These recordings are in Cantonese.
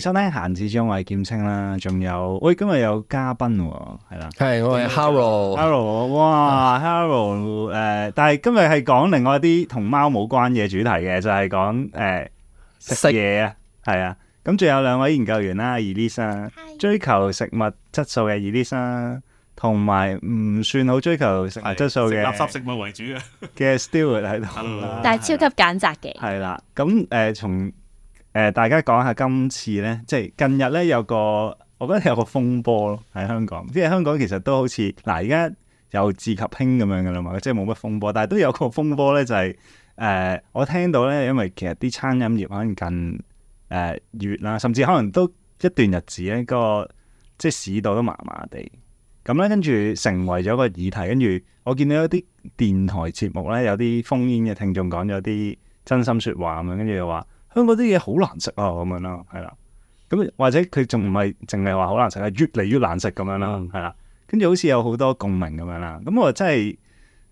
其實咧，閒置中我係劍青啦。仲有，喂，今日有嘉賓喎，係啦。係，我係 Harold。Harold，哇，Harold，誒，但係今日係講另外一啲同貓冇關嘅主題嘅，就係講誒食嘢啊，係啊。咁仲有兩位研究員啦，Elise 追求食物質素嘅 Elise，同埋唔算好追求食物質素嘅垃圾食物為主嘅 Stewart 喺度，但係超級揀擇嘅。係啦，咁誒從。誒、呃，大家講下今次呢，即係近日呢，有個，我覺得有個風波咯喺香港。即係香港其實都好似嗱，而家由治及興咁樣嘅啦嘛，即係冇乜風波，但係都有個風波呢，就係、是、誒、呃，我聽到呢，因為其實啲餐飲業可能近誒、呃、月啦，甚至可能都一段日子呢，呢個即係市道都麻麻地，咁呢。跟住成為咗個議題。跟住我見到一啲電台節目呢，有啲烽煙嘅聽眾講咗啲真心説話咁樣，跟住又話。咁嗰啲嘢好難食啊，咁樣咯，係啦。咁或者佢仲唔係淨係話好難食，係越嚟越難食咁樣啦，係啦。跟住好似有好多共鳴咁樣啦。咁我真係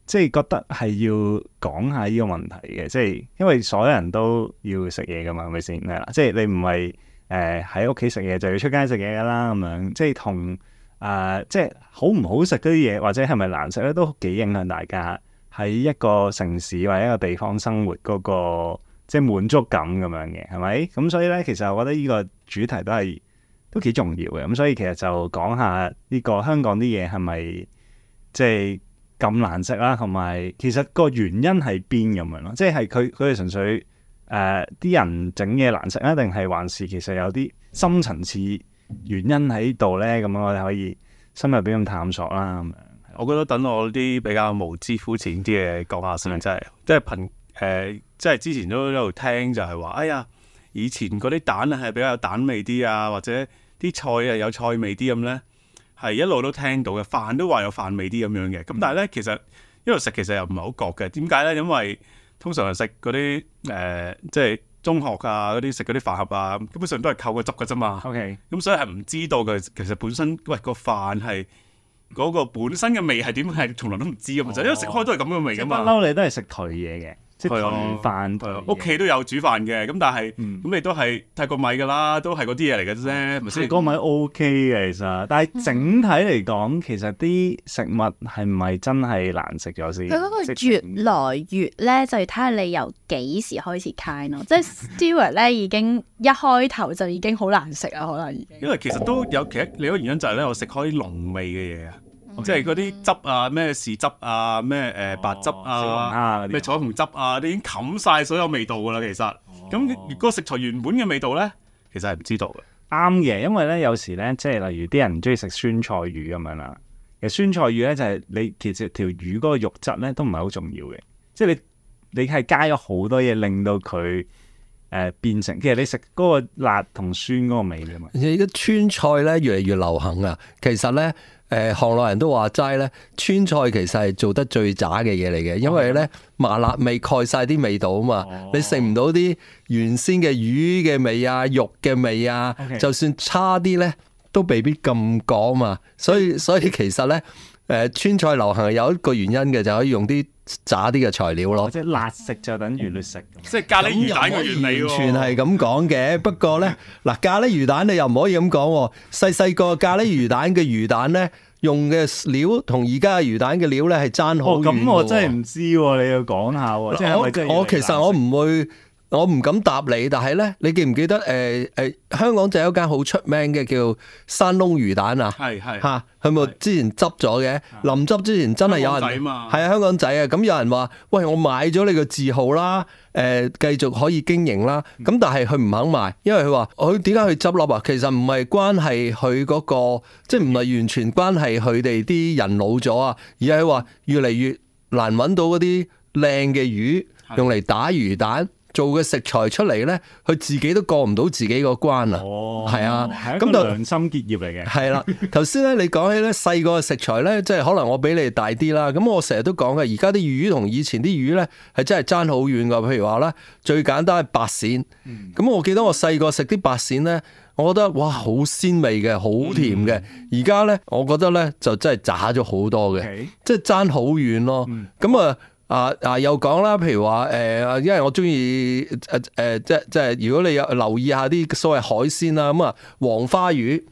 即係覺得係要講下呢個問題嘅，即係因為所有人都要食嘢噶嘛，係咪先？係啦，即係你唔係誒喺屋企食嘢，就要出街食嘢噶啦，咁樣。即係同誒即係好唔好食啲嘢，或者係咪難食咧，都幾影響大家喺一個城市或者一個地方生活嗰個。即係滿足感咁樣嘅，係咪？咁所以咧，其實我覺得呢個主題都係都幾重要嘅。咁、嗯、所以其實就講下呢個香港啲嘢係咪即係咁難食啦？同埋其實個原因係邊咁樣咯？即係佢佢係純粹誒啲、呃、人整嘢難食啊，定係還是其實有啲深層次原因喺度咧？咁、嗯、我哋可以深入啲咁探索啦。咁樣我覺得等我啲比較無知膚淺啲嘢講下先，真係即係貧。吧誒、呃，即係之前都喺度聽，就係話，哎呀，以前嗰啲蛋咧係比較有蛋味啲啊，或者啲菜啊有菜味啲咁咧，係一路都聽到嘅。飯都話有飯味啲咁樣嘅。咁但係咧，其實一路食其實又唔係好覺嘅。點解咧？因為通常係食嗰啲誒，即係中學啊嗰啲食嗰啲飯盒啊，基本上都係扣個汁㗎啫嘛。O Okay . K、嗯。咁所以係唔知道佢其實本身喂個飯係嗰個本身嘅味係點，係從來都唔知嘅、哦、嘛。就因為食開都係咁嘅味㗎嘛。不嬲，你都係食頹嘢嘅。即係飯，屋企、哦哦、都有煮飯嘅，咁、嗯、但係，咁你都係泰國米㗎啦，都係嗰啲嘢嚟嘅啫。雖然乾米 O K 嘅，其實，但係整體嚟講，嗯、其實啲食物係唔係真係難食咗先？佢嗰、嗯、個越來越咧，就係、要睇下你由幾時開始 kind 咯。 即係 Stewart 咧，已經一開頭就已經好難食啊，可能已經。因為 其實都有其他另一個原因，就係咧，我食開濃味嘅嘢啊。即係嗰啲汁啊，咩豉汁啊，咩誒白汁啊，咩、哦、彩虹汁啊，你已經冚晒所有味道噶啦，其實咁如果食材原本嘅味道咧，其實係唔知道嘅。啱嘅，因為咧有時咧，即係例如啲人唔中意食酸菜魚咁樣啦。其實酸菜魚咧就係你其實條魚嗰個肉質咧都唔係好重要嘅，即係你你係加咗好多嘢令到佢誒變成。其實你食嗰個辣同酸嗰個味㗎嘛。而家川菜咧越嚟越流行啊，其實咧。誒、呃，行內人都話齋咧，川菜其實係做得最渣嘅嘢嚟嘅，因為咧麻辣味蓋晒啲味道啊嘛，哦、你食唔到啲原先嘅魚嘅味啊、肉嘅味啊，Okay. 就算差啲咧，都未必咁講啊嘛，所以所以其實咧。 誒，川菜流行係有一個原因嘅，就可以用啲炸啲嘅材料咯，即係辣食就等於劣食。嗯嗯、即係咖喱魚蛋嘅原理、啊嗯、完全係咁講嘅。不過咧，嗱 咖喱魚蛋你又唔可以咁講喎。細細個咖喱魚蛋嘅魚蛋咧，用嘅料同而家嘅魚蛋嘅料咧係爭好遠咁、哦、我真係唔知喎、啊，你要講下喎、啊。我我其實我唔會。我唔敢答你，但係咧，你記唔記得誒誒、呃呃，香港就有一間好出名嘅，叫山窿魚蛋啊，係係吓佢咪之前執咗嘅，臨執之前真係有人係啊香港仔啊，咁有人話喂，我買咗你個字號啦，誒、呃、繼續可以經營啦。咁但係佢唔肯賣，因為佢話佢點解去執笠啊？其實唔係關係佢嗰個，的即係唔係完全關係佢哋啲人老咗啊，而係話越嚟越難揾到嗰啲靚嘅魚用嚟打魚蛋。做嘅食材出嚟呢，佢自己都過唔到自己個關、哦、啊！係啊就，咁就一個良心結業嚟嘅。係 啦、啊，頭先咧你講起咧細個嘅食材呢，即係可能我比你大啲啦。咁我成日都講嘅，而家啲魚同以前啲魚呢，係真係爭好遠噶。譬如話呢，最簡單係白鱔。咁、嗯、我記得我細個食啲白鱔呢，我覺得哇好鮮味嘅，好甜嘅。而家、嗯嗯、呢，我覺得呢，就真係差咗好多嘅，即係爭好遠咯。咁啊、嗯、～、嗯啊啊又講啦，譬如話誒、呃，因為我中意誒誒，即即係如果你有留意下啲所謂海鮮啦，咁啊黃花魚，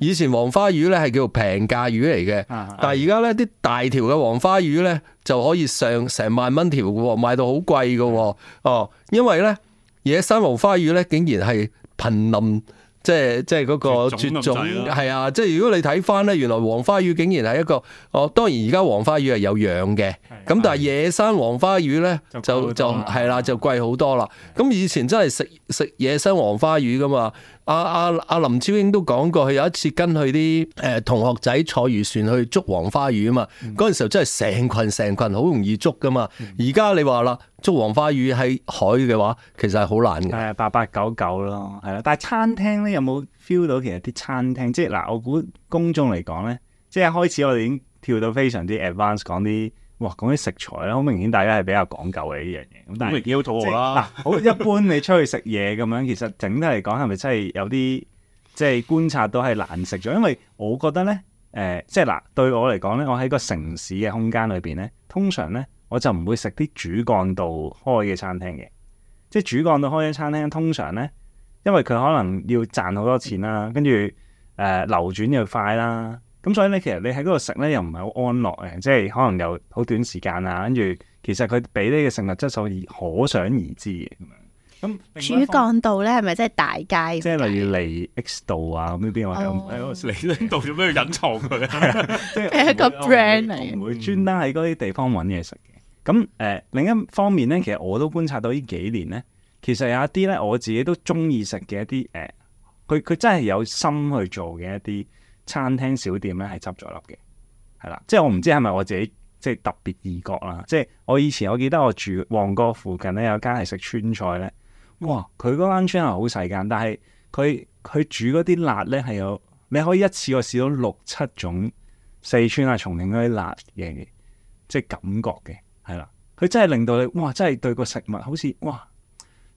以前黃花魚咧係叫做平價魚嚟嘅，啊啊、但係而家咧啲大條嘅黃花魚咧就可以上成萬蚊條喎，賣到好貴嘅喎，哦，因為咧野生黃花魚咧竟然係瀕臨。即係即係嗰個絕種，係啊！即係如果你睇翻咧，原來黃花魚竟然係一個哦。當然而家黃花魚係有養嘅，咁的但係野生黃花魚咧的就的就係啦，就貴好多啦。咁的以前真係食食野生黃花魚噶嘛。阿阿阿林超英都講過，佢有一次跟佢啲誒同學仔坐漁船去捉黃花魚啊嘛。嗰陣時候真係成群成群，好容易捉噶嘛。而家你話啦。嗯捉黃花魚喺海嘅話，其實係好難嘅。係、嗯、八八九九咯，係咯。但係餐廳咧，有冇 feel 到其實啲餐廳，即係嗱、呃，我估公眾嚟講咧，即係一開始我哋已經跳到非常之 advanced 講啲，哇，講啲食材咧，好明顯大家係比較講究嘅呢樣嘢。咁，但係幾好肚啦。嗱，好、呃、一般，你出去食嘢咁樣， 其實整體嚟講，係咪真係有啲即係觀察到係難食咗？因為我覺得咧，誒、呃，即係嗱、呃，對我嚟講咧，我喺個城市嘅空間裏邊咧，通常咧。 我就唔會食啲主幹道開嘅餐廳嘅，即係主幹道開嘅餐廳通常咧，因為佢可能要賺好多錢啦，跟住誒流轉又快啦，咁所以咧，其實你喺嗰度食咧又唔係好安樂嘅，即係可能又好短時間啊，跟住其實佢俾呢個食物質素可想而知嘅。咁主幹道咧係咪即係大街？即係、嗯、例如嚟 X 道啊，咁呢邊個有嚟呢度做咩隱藏佢？即係係一個 brand 嚟，唔會專登喺嗰啲地方揾嘢食。咁誒、呃、另一方面咧，其實我都觀察到呢幾年咧，其實有一啲咧，我自己都中意食嘅一啲誒，佢、呃、佢真係有心去做嘅一啲餐廳小店咧，係執咗笠嘅，係啦，即係我唔知係咪我自己即係特別異覺啦。即係我以前我記得我住旺角附近咧，有間係食川菜咧，哇！佢嗰間川菜係好細間，但係佢佢煮嗰啲辣咧係有你可以一次過試到六七種四川啊、重慶嗰啲辣嘅即係感覺嘅。係啦，佢真係令到你，哇！真係對個食物好似，哇！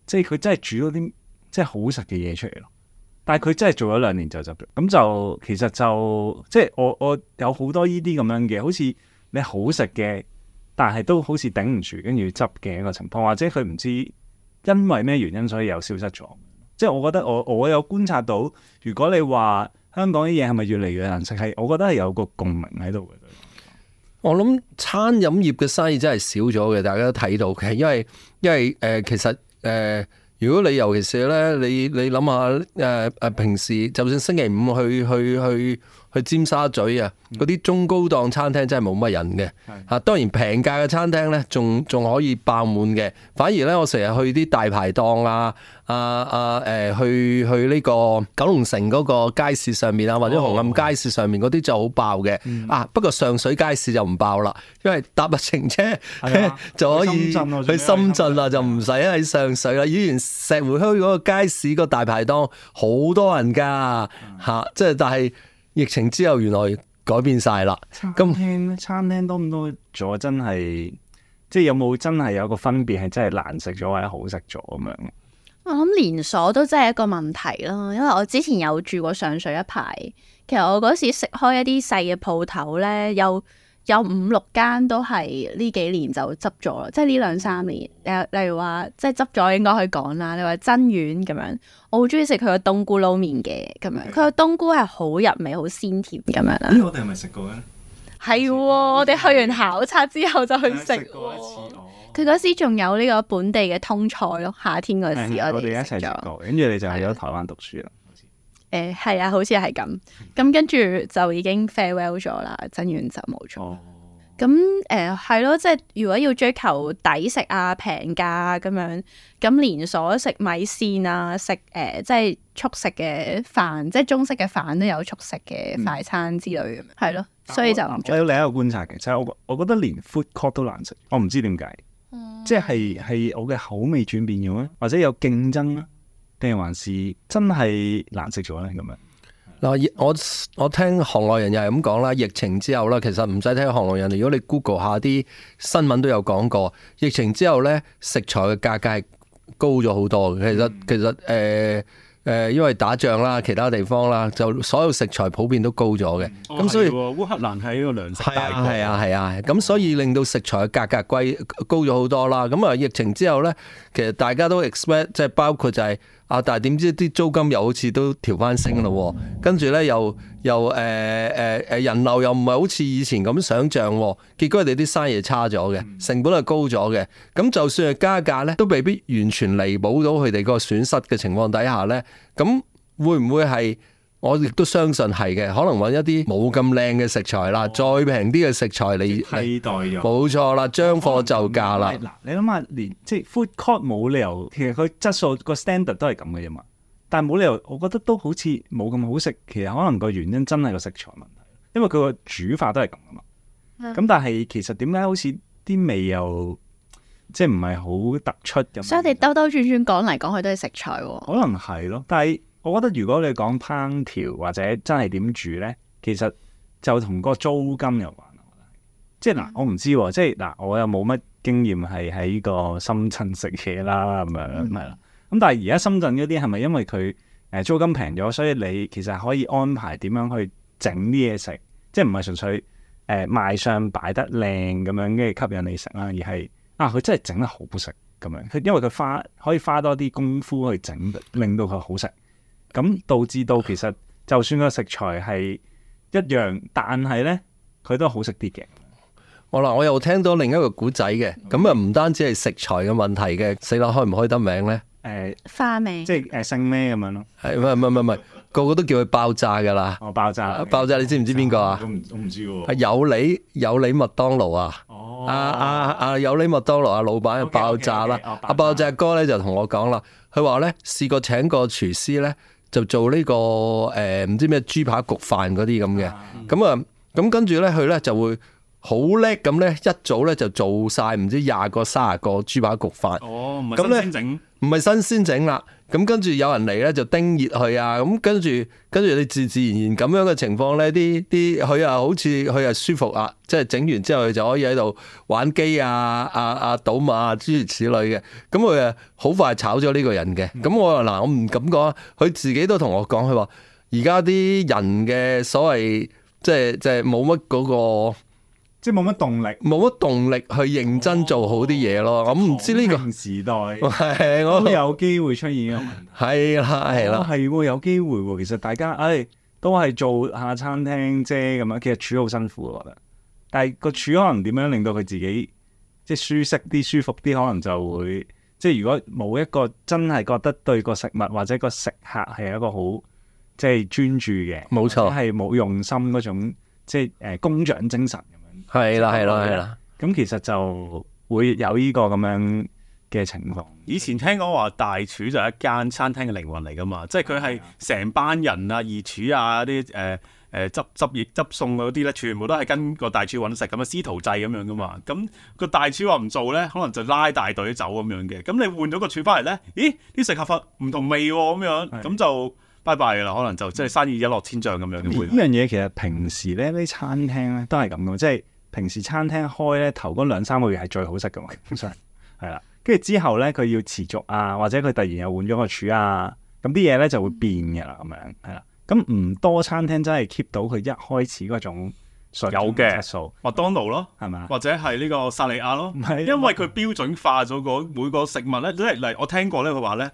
即係佢真係煮咗啲即係好食嘅嘢出嚟咯。但係佢真係做咗兩年就執咗，咁就其實就即係我我有好多呢啲咁樣嘅，好似你好食嘅，但係都好似頂唔住，跟住執嘅一個情況，或者佢唔知因為咩原因所以又消失咗。即係我覺得我我有觀察到，如果你話香港啲嘢係咪越嚟越難食，係我覺得係有個共鳴喺度嘅。我諗餐飲業嘅生意真係少咗嘅，大家都睇到嘅，因為因為誒、呃，其實誒、呃，如果你尤其是咧，你你諗下誒誒，平時就算星期五去去去。去去尖沙咀啊，嗰啲中高檔餐廳真係冇乜人嘅，嚇、啊。當然平價嘅餐廳呢，仲仲可以爆滿嘅。反而呢，我成日去啲大排檔啊，啊啊誒、呃，去去呢個九龍城嗰個街市上面啊，或者紅磡街市上面嗰啲就好爆嘅。哦、啊，不過上水街市就唔爆啦，因為搭日程車、啊、 就可以去深圳啦，就唔使喺上水啦。以前、嗯、石湖墟嗰個街市個大排檔好多人噶，嚇，即係、嗯、但係。但疫情之後原來改變晒啦，今天餐廳，咁樣，餐廳多唔多咗？有有真係即係有冇真係有個分別係真係難食咗，或者好食咗咁樣？我諗連鎖都真係一個問題啦，因為我之前有住過上水一排，其實我嗰時食開一啲細嘅鋪頭咧，又。有五六間都係呢幾年就執咗即係呢兩三年。誒，例如話即係執咗應該可以講啦。你話真遠咁樣，我好中意食佢個冬菇撈麵嘅咁樣，佢個冬菇係好入味、好鮮甜咁樣啦。誒，我哋係咪食過咧？係、哦，我哋去完考察之後就去食、哦。過一次過。佢嗰時仲有呢個本地嘅通菜咯，夏天嗰時我哋一齊食過。跟住你就去咗台灣讀書啦。誒係、欸、啊，好似係咁，咁、嗯、跟住就已經 farewell 咗啦，真完就冇咗。咁誒係咯，即係、呃啊啊、如果要追求抵食啊、平價咁、啊、樣，咁連鎖食米線啊、食誒、呃、即係速食嘅飯，即係中式嘅飯都有速食嘅快餐之類嘅。係咯、嗯啊，所以就我有另一個觀察嘅，就係、是、我我覺得連 food court 都難食，我唔知點解，嗯、即係係係我嘅口味轉變咗啊，或者有競爭啊？定還是真係難食咗呢？咁樣嗱，我我聽行內人又係咁講啦，疫情之後啦，其實唔使聽行內人，如果你 Google 下啲新聞都有講過，疫情之後呢，食材嘅價格係高咗好多，其實其實誒。呃誒，因為打仗啦，其他地方啦，就所有食材普遍都高咗嘅，咁、哦、所以、哦、烏克蘭係一個糧食大國，係啊係啊咁、啊啊、所以令到食材嘅價格貴高咗好多啦。咁啊，疫情之後呢，其實大家都 expect，即係包括就係、是、啊，但係點知啲租金又好似都調翻升咯，跟住呢，又。又誒誒誒人流又唔係好似以前咁想象，結果佢哋啲生意差咗嘅，成本係高咗嘅。咁、嗯、就算係加價咧，都未必完全彌補到佢哋個損失嘅情況底下咧，咁會唔會係？我亦都相信係嘅，可能搵一啲冇咁靚嘅食材啦，哦、再平啲嘅食材你替代用。冇錯啦，將貨就價啦。嗱、嗯嗯，你諗下，連即係 food court 冇理由，其實佢質素個 standard 都係咁嘅啫嘛。但係冇理由，我覺得都好似冇咁好食。其實可能個原因真係個食材問題，因為佢個煮法都係咁㗎嘛。咁、啊、但係其實點解好似啲味又即係唔係好突出咁？所以你兜兜轉轉，轉，轉講嚟講去都係食材喎、哦。可能係咯，但係我覺得如果你講烹調或者真係點煮咧，其實就同嗰個租金有關。即係嗱，我唔知喎，即係嗱，我又冇乜經驗係喺個深圳食嘢啦，咁樣係啦。咁但係而家深圳嗰啲係咪因為佢誒租金平咗，所以你其實可以安排點樣去整啲嘢食，即係唔係純粹誒、呃、賣相擺得靚咁樣，跟住吸引你食啦，而係啊佢真係整得好食咁樣，因為佢花可以花多啲功夫去整，令到佢好食，咁導致到其實就算個食材係一樣，但係咧佢都好食啲嘅。好啦，我又聽到另一個古仔嘅，咁啊唔單止係食材嘅問題嘅，死佬開唔開得名咧？誒，花名，即係誒，姓咩咁樣咯？係唔係唔係唔係個個都叫佢爆炸噶啦、哦？爆炸，爆炸，你知唔知邊個啊？我唔知喎。有理，有理麥當勞啊？哦，阿阿阿有理麥當勞阿老闆爆炸啦！阿爆炸哥咧就同我講啦，佢話咧試過請個廚師咧就做呢個誒唔知咩豬扒焗飯嗰啲咁嘅，咁啊咁跟住咧佢咧就會好叻咁咧一早咧就做晒唔知廿個卅個豬扒焗飯哦，咁咧。唔係新鮮整啦，咁跟住有人嚟咧就叮熱佢啊，咁跟住跟住你自自然然咁樣嘅情況咧，啲啲佢啊好似佢啊舒服啊，即係整完之後佢就可以喺度玩機啊啊啊賭馬啊諸如此類嘅，咁佢啊好快炒咗呢個人嘅，咁、嗯、我嗱我唔敢講，佢自己都同我講，佢話而家啲人嘅所謂即係即係冇乜嗰個。即冇乜動力，冇乜動力去認真做好啲嘢咯。哦、我唔知呢、呢個時代，都都有機會出現咁樣。係啦，係啦，係喎、哦，有機會喎。其實大家，誒、哎，都係做下餐廳啫咁樣。其實煮好辛苦，我覺得。但係個煮可能點樣令到佢自己即係舒適啲、舒服啲，可能就會、嗯、即係如果冇一個真係覺得對個食物或者個食客係一個好即係專注嘅，冇錯，係冇用心嗰種即係誒工匠精神，精神。係啦，係啦，係啦。咁其實就會有呢個咁樣嘅情況。以前聽講話大廚就係、是、一間餐廳嘅靈魂嚟噶嘛，即係佢係成班人啊，二廚啊啲誒誒執執業執餸嗰啲咧，全部都係跟個大廚揾食咁啊，師徒制咁樣噶嘛。咁個大廚話唔做咧，可能就拉大隊走咁樣嘅。咁你換咗個廚翻嚟咧，咦啲食客份唔同味咁樣，咁的就拜拜噶啦，可能就即係、嗯、生意一落千丈咁樣嘅。呢樣嘢其實平時咧啲餐廳咧都係咁嘅。即、就、係、是。就是平時餐廳開咧頭嗰兩三個月係最好食㗎嘛，通常係啦，跟住之後咧佢要持續啊，或者佢突然又換咗個廚啊，咁啲嘢咧就會變嘅啦，咁樣係啦，咁唔多餐廳真係 keep 到佢一開始嗰種有嘅數，麥當勞咯，係咪？或者係呢個薩利亞咯，因為佢標準化咗個每個食物咧，即係嚟我聽過咧佢話咧。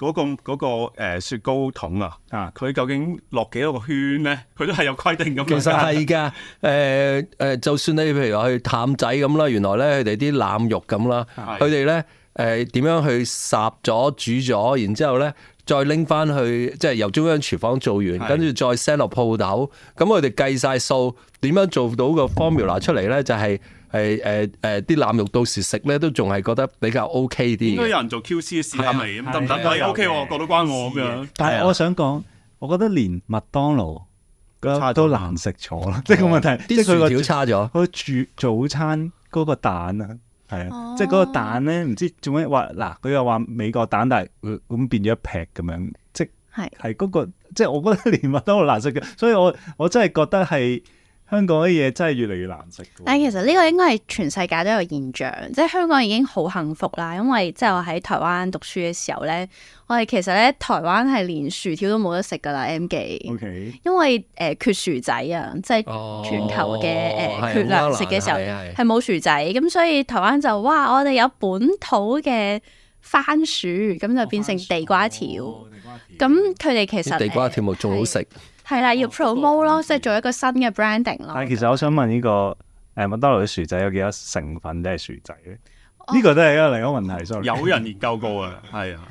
嗰、那個嗰、那個呃、雪糕筒啊，啊佢究竟落幾多個圈咧？佢都係有規定咁。其實係㗎，誒誒、 呃，就算你譬如話去譚仔咁啦，原來咧佢哋啲腩肉咁啦，佢哋咧誒點樣去烚咗煮咗，然之後咧再拎翻去，即係由中央廚房做完，跟住是的 再 send 落鋪頭，咁我哋計晒數，點樣做到個 formula 出嚟咧？就係、是。係誒誒，啲腩肉到時食咧，都仲係覺得比較 OK 啲。應該有人做 QC 試下味得唔得？睇 O K，過到關我咁樣。但係我想講，我覺得連麥當勞個都難食咗啦，即係個問題，即係佢個差咗。佢煮早餐嗰個蛋啊，係啊，即係嗰個蛋咧，唔知做咩話嗱，佢又話美國蛋，但係咁變咗一劈咁樣，即係係嗰個，即係我覺得連麥當勞難食嘅，所以我我真係覺得係。香港啲嘢真係越嚟越難食。但其實呢個應該係全世界都有現象，即係香港已經好幸福啦。因為即係我喺台灣讀書嘅時候呢，我哋其實呢，台灣係連薯條都冇得食噶啦。M 記，G, Okay. 因為誒缺薯仔啊，即係全球嘅誒缺糧食嘅時候係冇薯仔，咁、哦、所以台灣就哇，我哋有本土嘅番薯，咁就變成地瓜條。咁佢哋其實地瓜條冇仲好食。嗯係啦，要 promote 咯，即係、哦、做一個新嘅 branding 咯。但係其實我想問呢、這個誒、欸、麥當勞嘅薯仔有幾多成分都係薯仔咧？呢、哦、個都係一個另一個問題。哦、sorry。有人研究過啊，係啊，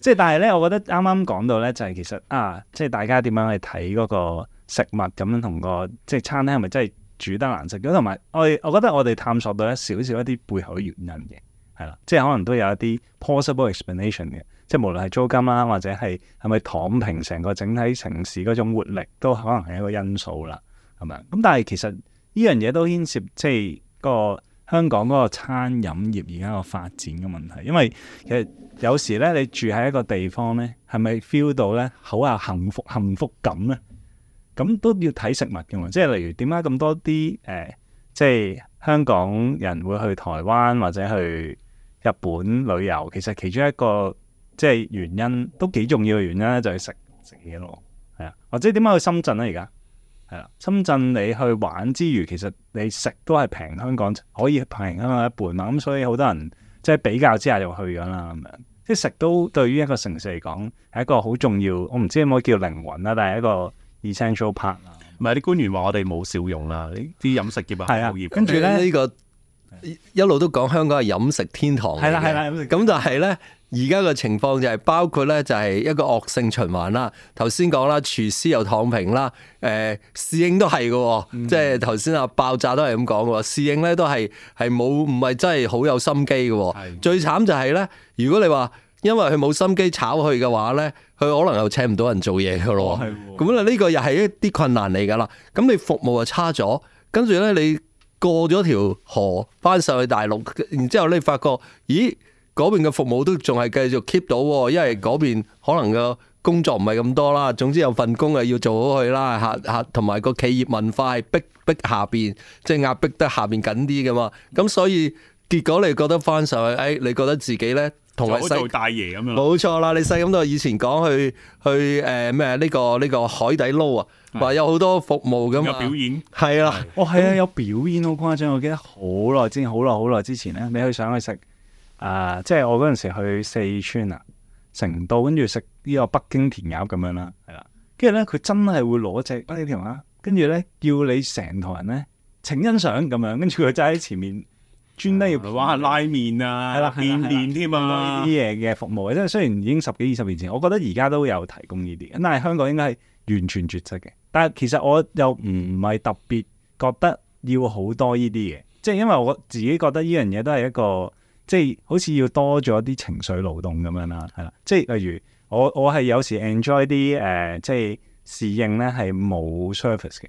即係但係咧，我覺得啱啱講到咧，就係、是、其實啊，即係大家點樣去睇嗰個食物咁樣同、那個即係餐廳係咪真係煮得難食嘅？同埋我我覺得我哋探索到一少少一啲背後嘅原因嘅，係啦，即係可能都有一啲 possible explanation 嘅。即係無論係租金啦、啊，或者係係咪躺平成個整體城市嗰種活力，都可能係一個因素啦，係咪？咁但係其實呢樣嘢都牽涉即係個香港嗰個餐飲業而家個發展嘅問題，因為其實有時咧，你住喺一個地方咧，係咪 feel 到咧好啊幸福幸福感咧？咁都要睇食物嘅嘛，即係例如點解咁多啲誒、呃，即係香港人會去台灣或者去日本旅遊？其實其中一個。即係原因都幾重要嘅原因咧，就係食食嘢咯，係啊。或者點解去深圳咧？而家係啊，深圳你去玩之餘，其實你食都係平香港，可以平香港一半嘛。咁所以好多人即係比較之下就去咗啦。咁樣即係食都對於一個城市嚟講，係一個好重要。我唔知可唔可以叫靈魂啦，但係一個 essential part。唔係啲官員話我哋冇笑容啦，啲飲食業啊，係啊，跟住咧呢個的、嗯、一路都講香港係飲食天堂嚟嘅，係啦，係啦。咁但係咧。的而家嘅情況就係包括呢，就係一個惡性循環啦。頭先講啦，廚師又躺平啦，誒侍應都係嘅，即係頭先啊爆炸都係咁講嘅。侍應呢都係係冇，唔係、嗯、真係好有心機嘅。的最慘就係、是、呢，如果你話因為佢冇心機炒佢嘅話呢，佢可能又請唔到人做嘢嘅咯。咁啊的，呢個又係一啲困難嚟㗎啦。咁你服務又差咗，跟住呢，你過咗條河返上去大陸，然之後你發覺，咦？嗰邊嘅服務都仲係繼續 keep 到，因為嗰邊可能個工作唔係咁多啦。總之有份工啊，要做好佢啦。客客同埋個企業文化係逼逼下邊，即係壓逼得下邊緊啲噶嘛。咁、嗯、所以結果你覺得返上去，誒、哎，你覺得自己咧同埋做大爺咁樣，冇錯啦。你細咁都以前講去去誒咩呢個呢、這個海底撈啊，話是有好多服務噶嘛，表演係啦，是哦係啊，有表演好誇張，我記得好耐之前，好耐好耐之前咧，你去上去食。.啊，即係我嗰陣時去四川啊，成都跟住食呢個北京填鴨咁樣啦，係啦的，跟住咧佢真係會攞隻北京填鴨，跟住咧叫你成台人咧請欣賞咁樣，跟住佢就喺前面專登入嚟要下拉麵啊，係啦，啊、的麵麵添啊呢啲嘢嘅服務，即係雖然已經十幾二十年前，我覺得而家都有提供呢啲，但係香港應該係完全絕跡嘅。但係其實我又唔係特別覺得要好多呢啲嘢，即係因為我自己覺得呢樣嘢都係一個。即係好似要多咗啲情緒勞動咁樣啦，係啦，即係例如我我係有時 enjoy 啲誒，即係侍應咧係冇 service 嘅。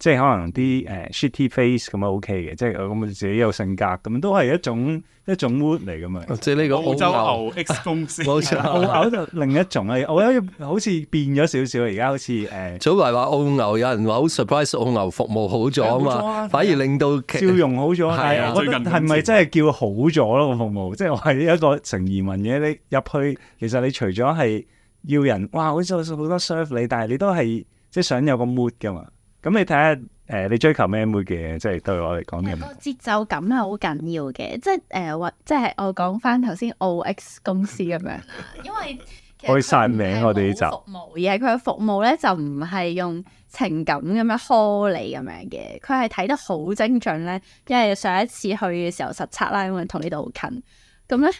即係可能啲誒、呃、shitty face 咁啊 OK 嘅，即係咁自己有性格咁都係一種一種 mood 嚟㗎嘛。即係呢個澳洲牛 X 公司，澳洲 牛，牛就另一種啊。澳洲 好似變咗少少，而家好似誒、呃、早排話澳牛，有人話好 surprise 澳牛，服務好咗啊嘛，啊反而令到笑容好咗。係啊， 最近係咪真係叫好咗咯個服務？即係我係一個成移民嘅，你入去其實你除咗係要人哇，好似好多 serve 你，但係你都係即係想有個 mood 㗎嘛。咁你睇下，誒、呃、你追求咩妹嘅？即係對我嚟講嘅。個、呃、節奏感係好緊要嘅，即係誒或即係我講翻頭先 O X 公司咁樣， 因為可以晒名我哋呢集服務。 而係佢嘅服務咧就唔係用情感咁樣呵你咁樣嘅，佢係睇得好精準咧，因為上一次去嘅時候實測啦，因為同呢度好近，咁咧。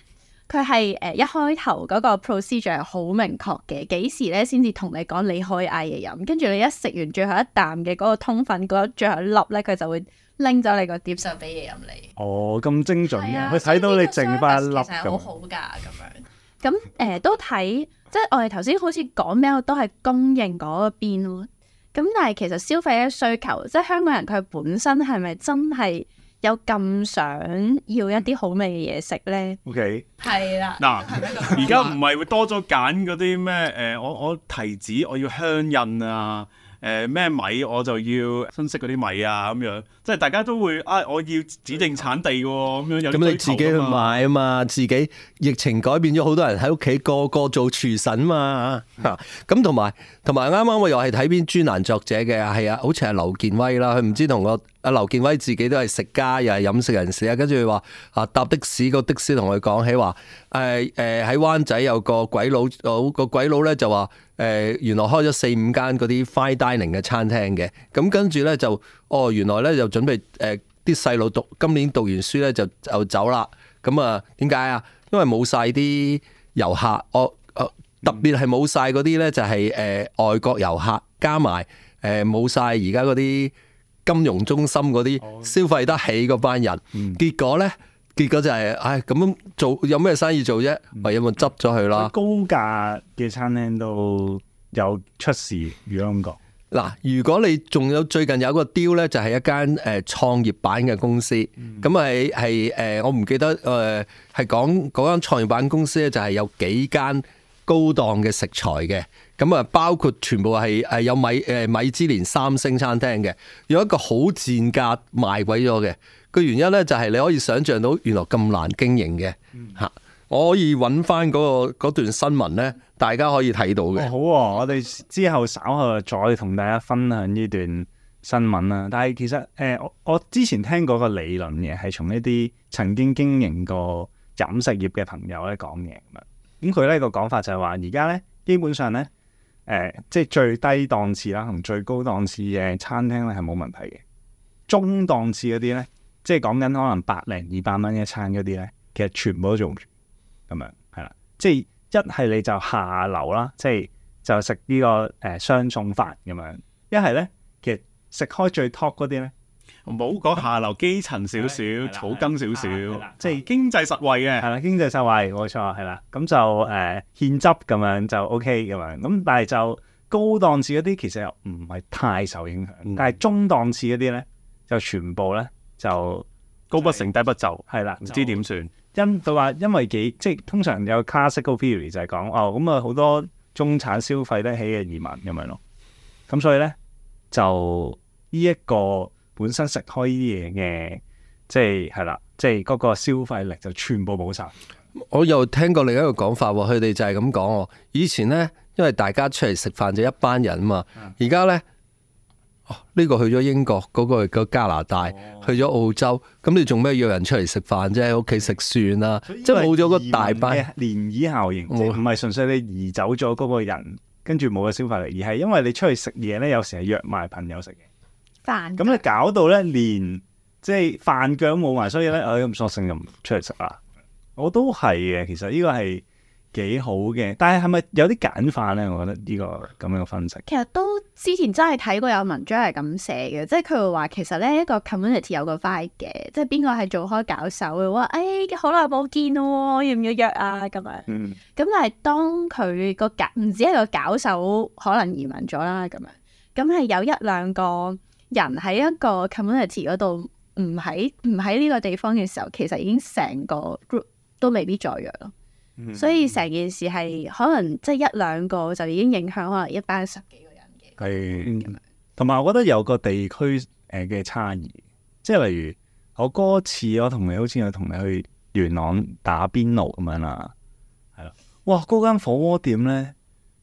佢係誒一開頭嗰個 procedure 係好明確嘅，幾時咧先至同你講你可以嗌嘢飲，跟住你一食完最後一啖嘅嗰個通粉嗰、嗰個、最後一粒咧，佢就會拎走你個碟就俾嘢飲你。哦，咁精準嘅，佢睇、啊、到你剩八粒咁。好好㗎，咁樣。咁誒、 嗯呃、都睇，即係我哋頭先好似講咩都係供應嗰邊咯。咁但係其實消費嘅需求，即係香港人佢本身係咪真係？有咁想要一啲好味嘅嘢食咧？O K，係啦。嗱 Okay. 了，而家唔係會多咗揀嗰啲咩？誒、呃，我我提子，我要香印啊！誒、呃，咩米我就要新式嗰啲米啊！咁樣，即係大家都會啊！我要指定產地喎、啊，咁樣有需求啊嘛。咁你自己去買啊嘛，自己疫情改變咗，好多人喺屋企個個做廚神嘛嚇。咁同埋同埋啱啱我又係睇邊專欄作者嘅，係啊，好似係劉健威啦，佢唔知同我。阿劉健威自己都係食家，又係飲食人士啊！跟住佢話，啊搭的士，個的士同佢講起話，誒誒喺灣仔有個鬼佬，有個鬼佬咧就話，誒、呃、原來開咗四五間嗰啲 fine dining 嘅餐廳嘅，咁跟住咧就，哦原來咧就準備，誒啲細路讀，今年讀完書咧就就，就走啦，咁啊點解啊？因為冇晒啲遊客，我、哦哦、特別係冇晒嗰啲咧就係、是、誒、呃、外國遊客加，加埋誒冇晒而家嗰啲。金融中心嗰啲、哦、消費得起嗰班人，嗯、結果呢？結果就係、係，唉，咁做有咩生意做啫？唯有執咗佢啦。高價嘅餐廳都有出事，如果咁講。嗱，如果你仲有最近有個 deal 呢，就係一間誒創業板嘅公司，咁係係誒，我唔記得誒，係講嗰間創業板公司呢，就係有幾間高檔嘅食材嘅。咁啊，包括全部係係有米誒米芝蓮三星餐廳嘅，有一個好賤價賣鬼咗嘅個原因咧，就係你可以想像到原來咁難經營嘅嚇，嗯、我可以揾翻嗰個段新聞咧，大家可以睇到嘅、哦。好、啊，我哋之後稍後再同大家分享呢段新聞啦。但係其實誒，我、呃、我之前聽過個理論嘅係從一啲曾經經營過飲食業嘅朋友咧講嘢，咁佢呢、嗰個講法就係話而家咧基本上咧。誒、呃，即係最低檔次啦，同最高檔次嘅餐廳咧係冇問題嘅。中檔次嗰啲咧，即係講緊可能百零二百蚊一餐嗰啲咧，其實全部都做唔住咁樣，係啦。即係一係你就下流啦，即係就食呢、這個誒、呃、雙餸飯咁樣；一係咧，其實食開最 top 嗰啲咧。.冇講下流基層少少， 草根少少，即係經濟實惠嘅。係啦，經濟實惠冇錯，係啦。咁就誒，獻汁咁樣就 OK 咁樣。咁但係就高檔次嗰啲，其實又唔係太受影響。嗯、但係中檔次嗰啲咧，就全部咧就高不成低不就，係啦，唔知點算。因就話因為幾，即係通常有 classical theory 就係講哦，咁啊好多中產消費得起嘅移民咁樣咯。咁所以咧就，就呢一個。本身食開呢啲嘢嘅，即係係啦，即係嗰個消費力就全部冇晒。我又聽過另一個講法喎，佢哋就係咁講。以前呢，因為大家出嚟食飯就一班人啊嘛，而家、嗯、呢，呢、哦呢個去咗英國，嗰、嗰個個加拿大、哦、去咗澳洲，咁你做咩約人出嚟食飯啫？喺屋企食算啦，嗯、即係冇咗個大班漣漪效應，唔係純粹你移走咗嗰個人，跟住冇咗消費力，而係因為你出去食嘢呢，有時係約埋朋友食嘅。咁你、嗯、搞到咧，連即係飯腳都冇埋，所以咧、嗯，我咁索性就唔出嚟食啦。我都係嘅，其實呢個係幾好嘅。但係係咪有啲簡化咧？我覺得呢、呢個咁樣嘅分析，其實都之前真係睇過有文章係咁寫嘅，即係佢會話其實咧一個 community 有個 friend 嘅，即係邊個係做開搞手嘅話，哎，好耐冇見喎，要唔要約啊？咁樣，咁、嗯、但係當佢、嗰個唔止一個搞手，可能移民咗啦，咁樣，咁係有一兩個。人喺一個 community 嗰度，唔喺唔喺呢個地方嘅時候，其實已經成個 group 都未必再弱咯。嗯、所以成件事係可能即係一兩個就已經影響可能一班十幾個人嘅。係，同埋我覺得有個地區誒嘅差異，即係例如我嗰次我同你好似我同你去元朗打邊爐咁樣啦，係咯，哇！嗰間火鍋店咧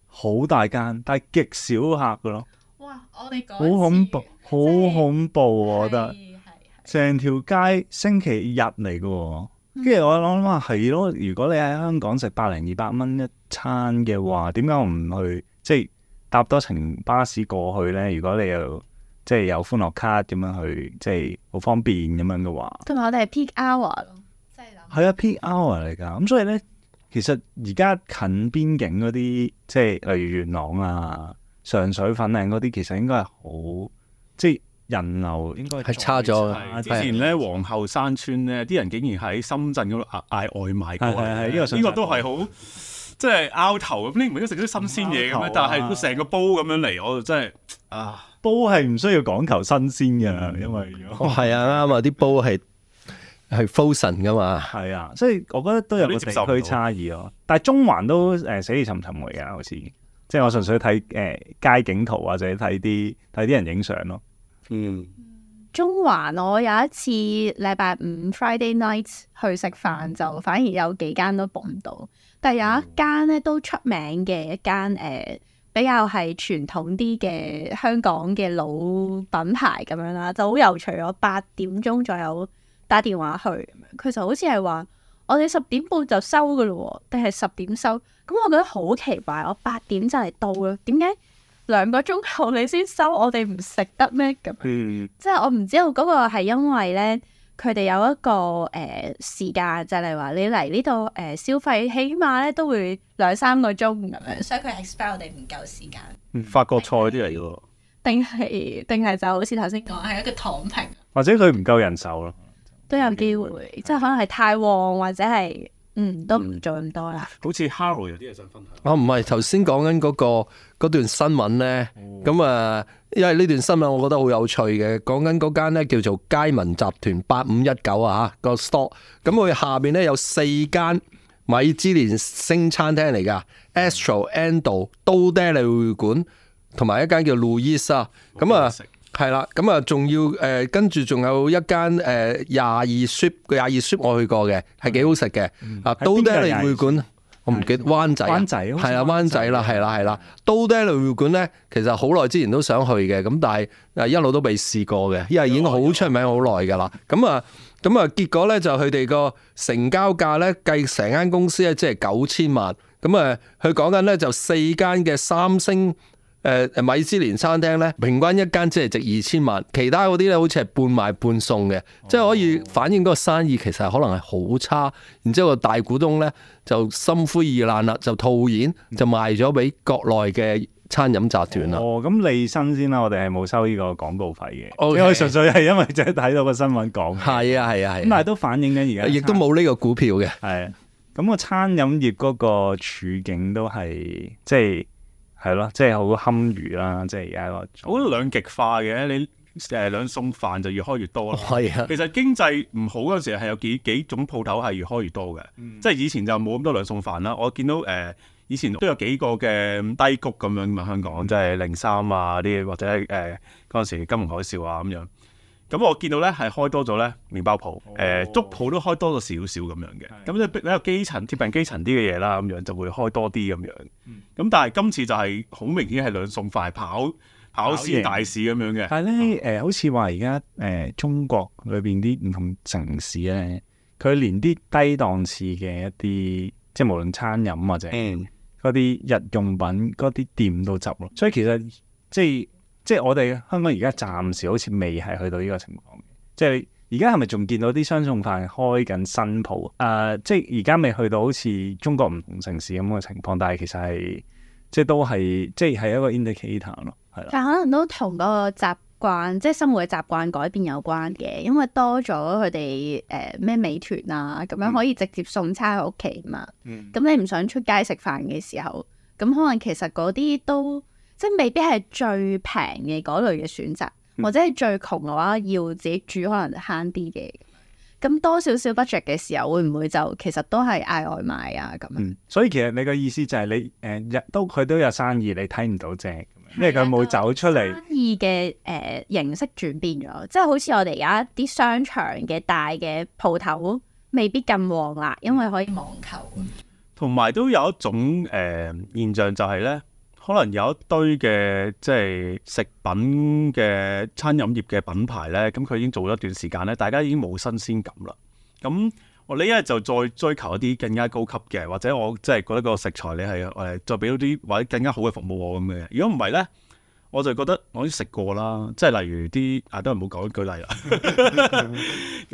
好大間，但係極少客㗎咯。哇！我哋好恐怖。好恐怖，就是、我覺得。成條街星期日嚟㗎。哦，跟住、嗯、我諗諗話係咯。如果你喺香港食百零二百蚊一餐嘅話，點解我唔去即係搭多程巴士過去呢？如果你又即係有歡樂卡，點樣去即係好方便咁樣嘅話，同埋我哋係 peak hour 咯，即係啊 peak hour 嚟噶。咁、嗯、所以呢，其實而家近邊境嗰啲，即係例如元朗啊、上水粉嶺嗰啲，其實應該係好。即係人流應該係差咗。之前咧皇后山邨咧，啲人竟然喺深圳嗰度嗌外賣。係呢個呢個都係好即係拗頭咁。你唔係食啲新鮮嘢嘅咩？但係成個煲咁樣嚟，我就真係啊煲係唔需要講求新鮮嘅，因為係啊啱啊！啲煲係係 Frozen 噶嘛。係啊，所以我覺得都有個地區差異咯。但係中環都誒死沉沉嚟㗎，好似。即係我純粹睇誒、呃、街景圖或者睇啲睇啲人影相咯。嗯，中環我有一次禮拜五 Friday night 去食飯，就反而有幾間都補唔到，但係有一間咧、嗯、都出名嘅一間誒、呃，比較係傳統啲嘅香港嘅老品牌咁樣啦，就好有趣，我八點鐘左右打電話去，佢就好似係話。我哋十點半就收噶咯，定係十點收？咁我覺得好奇怪，我八點就嚟到啦，點解兩個鐘後你先收？我哋唔食得咩？咁，嗯、即係我唔知道嗰個係因為咧，佢哋有一個誒、呃、時間，就係話你嚟、呃、呢度誒消費，起碼咧都會兩三個鐘咁樣，所以佢 expect 我哋唔夠時間。法國菜啲嚟喎，定係定係就好似頭先講係一個躺平，或者佢唔夠人手咯。都有機會，即係可能係太旺或者係，嗯，都唔做咁多啦。好似 Harold 有啲嘢想分享。哦，唔係、那個，頭先講緊嗰個段新聞咧，咁啊、哦嗯，因為呢段新聞我覺得好有趣嘅，講緊嗰間咧叫做佳文集團八五一九啊嚇、那個 store，咁佢下邊咧有四間米芝蓮星餐廳嚟噶、嗯、Astro Endo 都爹利會館，同埋一間叫路易莎，咁啊。係啦，咁啊，仲要誒，跟住仲有一間誒廿二 ship 嘅廿二 ship，我去過嘅，係幾好食嘅。嗯、啊，啊，啊，都爹利會館，我唔記得灣仔，係啦，灣仔啦，係啦，係啦，都爹利會館咧，其實好耐之前都想去嘅，咁但係誒一路都未試過嘅，因為已經好出名好耐㗎啦。咁、嗯、啊，咁、嗯、啊，嗯、結果呢，就佢哋個成交價呢，計成間公司呢，即係九千萬。咁啊，佢講緊呢，就四間嘅三星。誒誒，米芝蓮餐廳咧，平均一間即係值二千萬，其他嗰啲咧，好似係半賣半送嘅，哦、即係可以反映嗰個生意其實可能係好差。然之後個大股東咧就心灰意冷啦，就套現，就賣咗俾國內嘅餐飲集團啦。哦，咁利申先啦，我哋係冇收呢個廣告費嘅，Okay. 因為純粹係因為即係睇到個新聞講。係啊係啊係。咁、啊啊、但係都反映緊而家，亦都冇呢個股票嘅。係啊，咁、個餐飲業嗰個處境都係即係。係咯，即係好堪虞啦！即係而家個好兩極化嘅，你誒兩餸飯就越開越多啦。係是啊，其實經濟唔好嗰陣時係有幾幾種鋪頭係越開越多嘅。嗯、即係以前就冇咁多兩餸飯啦。我見到誒、呃、以前都有幾個嘅低谷咁樣嘛，香港，即係零三啊啲，或者係誒嗰陣時金融海嘯啊咁樣。咁、嗯、我見到咧係開多咗咧麵包鋪，誒粥鋪都開多咗少少咁樣嘅，咁即逼喺個基層貼近基層啲嘅嘢啦，咁樣就會開多啲咁樣。咁、嗯嗯嗯、但係今次就係、是、好明顯係兩餸快跑跑市大市咁樣嘅、嗯。但係咧，誒、呃、好似話而家誒中國裏邊啲唔同城市咧，佢連啲低檔次嘅一啲即係無論餐飲或者嗰啲、嗯、日用品嗰啲店都執咯。所以其實即係。即係我哋香港而家暫時好似未係去到呢個情況嘅，即係而家係咪仲見到啲雙餸飯開緊新鋪？誒、呃，即係而家未去到好似中國唔同城市咁嘅情況，但係其實係即係都係即係係一個 indicator 咯，係啦。但可能都同嗰個習慣，即係生活嘅習慣改變有關嘅，因為多咗佢哋誒咩美團啊咁樣可以直接送餐喺屋企嘛。咁、嗯、你唔想出街食飯嘅時候，咁可能其實嗰啲都。即未必係最平嘅嗰類嘅選擇，或者係最窮嘅話，要自己煮可能慳啲嘅。咁多少少 budget 嘅時候，會唔會就其實都係嗌外賣啊？咁樣、嗯。所以其實你嘅意思就係你誒日、呃、都佢都有生意，你睇唔到正，因爲佢冇走出嚟。生意嘅誒、呃、形式轉變咗，即係好似我哋而家啲商場嘅大嘅鋪頭未必咁旺啦，因爲可以網購。同埋都有一種誒、呃、現象就係咧。可能有一堆嘅即係食品嘅餐飲業嘅品牌咧，咁佢已經做咗一段時間咧，大家已經冇新鮮感啦。咁我呢一日就再追求一啲更加高級嘅，或者我即係覺得個食材你係誒再俾到啲，或者更加好嘅服務我咁嘅。如果唔係咧，我就覺得我已經食過啦。即係例如啲啊，都唔好講舉例啦。誒 誒、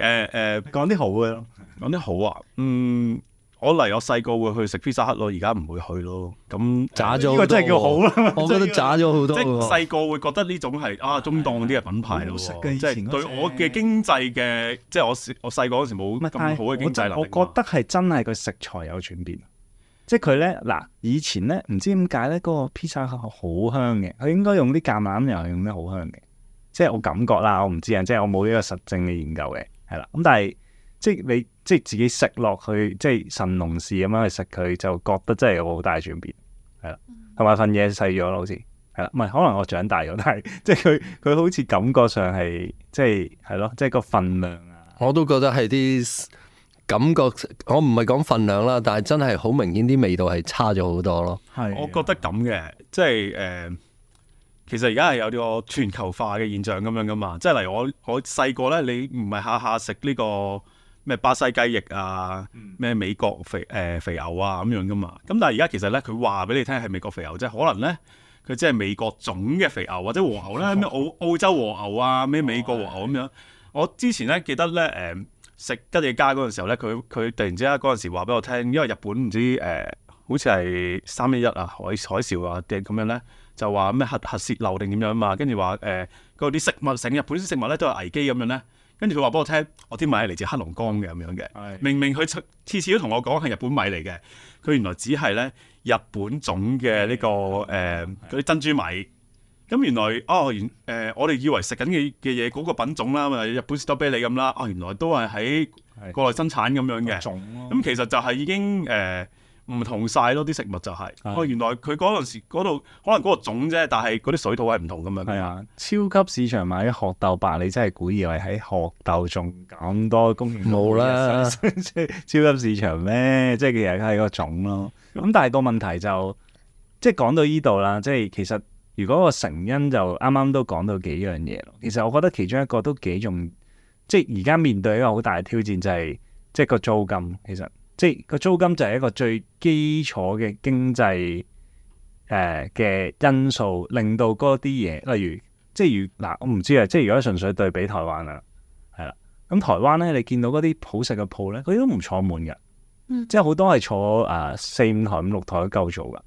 呃呃，講啲好嘅咯，講啲好啊，嗯。我嚟，我細個會去食披薩克咯，而家唔會去咯。咁炸咗，呢個真係叫好咯， 我都炸咗好多。即係細個會覺得呢種係啊中檔啲嘅品牌喎，即係對我嘅經濟嘅，即係我我細個嗰時冇咁好嘅經濟能、就是、我，我覺得係真係個食材有轉變， 即係佢咧嗱，以前咧唔知點解咧嗰個披薩克好香嘅，佢應該用啲橄欖油係用得好香嘅，即係我感覺啦，我唔知啊，即係我冇呢個實證嘅研究嘅，係啦，咁但係。即係你，即係自己食落去，即係神農氏咁樣去食佢，就覺得真係有好大轉變，係啦，同埋、嗯、份嘢細咗咯，好似係啦，唔係可能我長大咗，但係即係佢佢好似感覺上係即係係咯，即係個、就是、份量啊，我都覺得係啲感覺，我唔係講份量啦，但係真係好明顯啲味道係差咗好多咯。的我覺得咁嘅，即係誒、呃，其實而家係有呢個全球化嘅現象咁樣噶嘛，即係例如我我細、個咧，你唔係下下食呢個。咩巴西雞翼啊，咩美國肥誒、呃、肥牛啊咁樣㗎嘛，咁但係而家其實咧，佢話俾你聽係美國肥牛即啫，可能咧佢即係美國種嘅肥牛或者和牛咧，咩澳、哦、澳洲和牛啊，咩美國和牛咁樣。哦、我之前咧記得咧誒、呃、食吉野家嗰陣時候咧，佢佢突然之間嗰陣時話俾我聽，因為日本唔知誒、呃、好似係三一一啊，海海嘯啊啲咁樣咧，就話咩核核泄漏定點樣啊嘛，跟住話誒嗰啲食物，成日本啲食物咧都係危機咁樣咧。跟住佢話俾我聽，我啲米係嚟自黑龍江嘅咁樣嘅，明明佢次次都同我講係日本米嚟嘅，佢原來只係咧日本種嘅呢、呢個誒啲、呃、珍珠米。咁原來哦、原誒、呃、我哋以為食緊嘅嘅嘢嗰個品種啦，咪日本士多啤梨咁啦，啊、哦、原來都係喺國內生產咁樣嘅，咁其實就係已經誒。呃唔同晒咯，啲食物就係。哦的，原來佢嗰陣時嗰度可能嗰個種啫，但係嗰啲水土係唔同咁嘛。係啊，超級市場買啲學豆吧，你真係估以為喺學豆種咁多公認冇啦，超級市場咩？即係 其實係個種咯。咁 但係個問題就即係、就是、講到依度啦。即、就、係、是、其實如果個成因就啱啱都講到幾樣嘢咯。其實我覺得其中一個都幾重，即係而家面對一個好大嘅挑戰就係即係個租金其實。即係個租金就係一個最基礎嘅經濟誒嘅因素，令到嗰啲嘢，例如即係如嗱、呃，我唔知啊，即係如果純粹對比台灣啦，係啦，咁台灣咧，你見到嗰啲好食嘅鋪咧，佢都唔坐滿嘅，嗯、即係好多係坐誒四五台、五、呃、六台都夠做噶，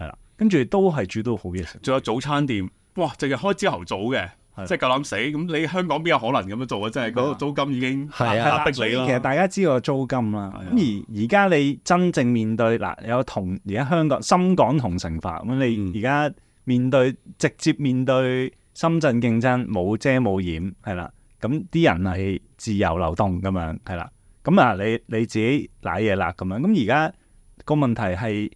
係啦，跟住都係煮到好嘢食，仲有早餐店，哇，淨係開朝頭早嘅。即係夠膽死，咁你香港邊有可能咁樣做啊？即係嗰個租金已經壓壓逼你啦。其實大家知道租金啦，咁的而而家你真正面對嗱，有同而家香港深港同城化，咁你而家面對、嗯、直接面對深圳競爭，冇遮冇掩，係啦。咁啲人係自由流動咁樣，係啦。咁啊，你你自己瀨嘢啦咁樣，咁而家個問題係。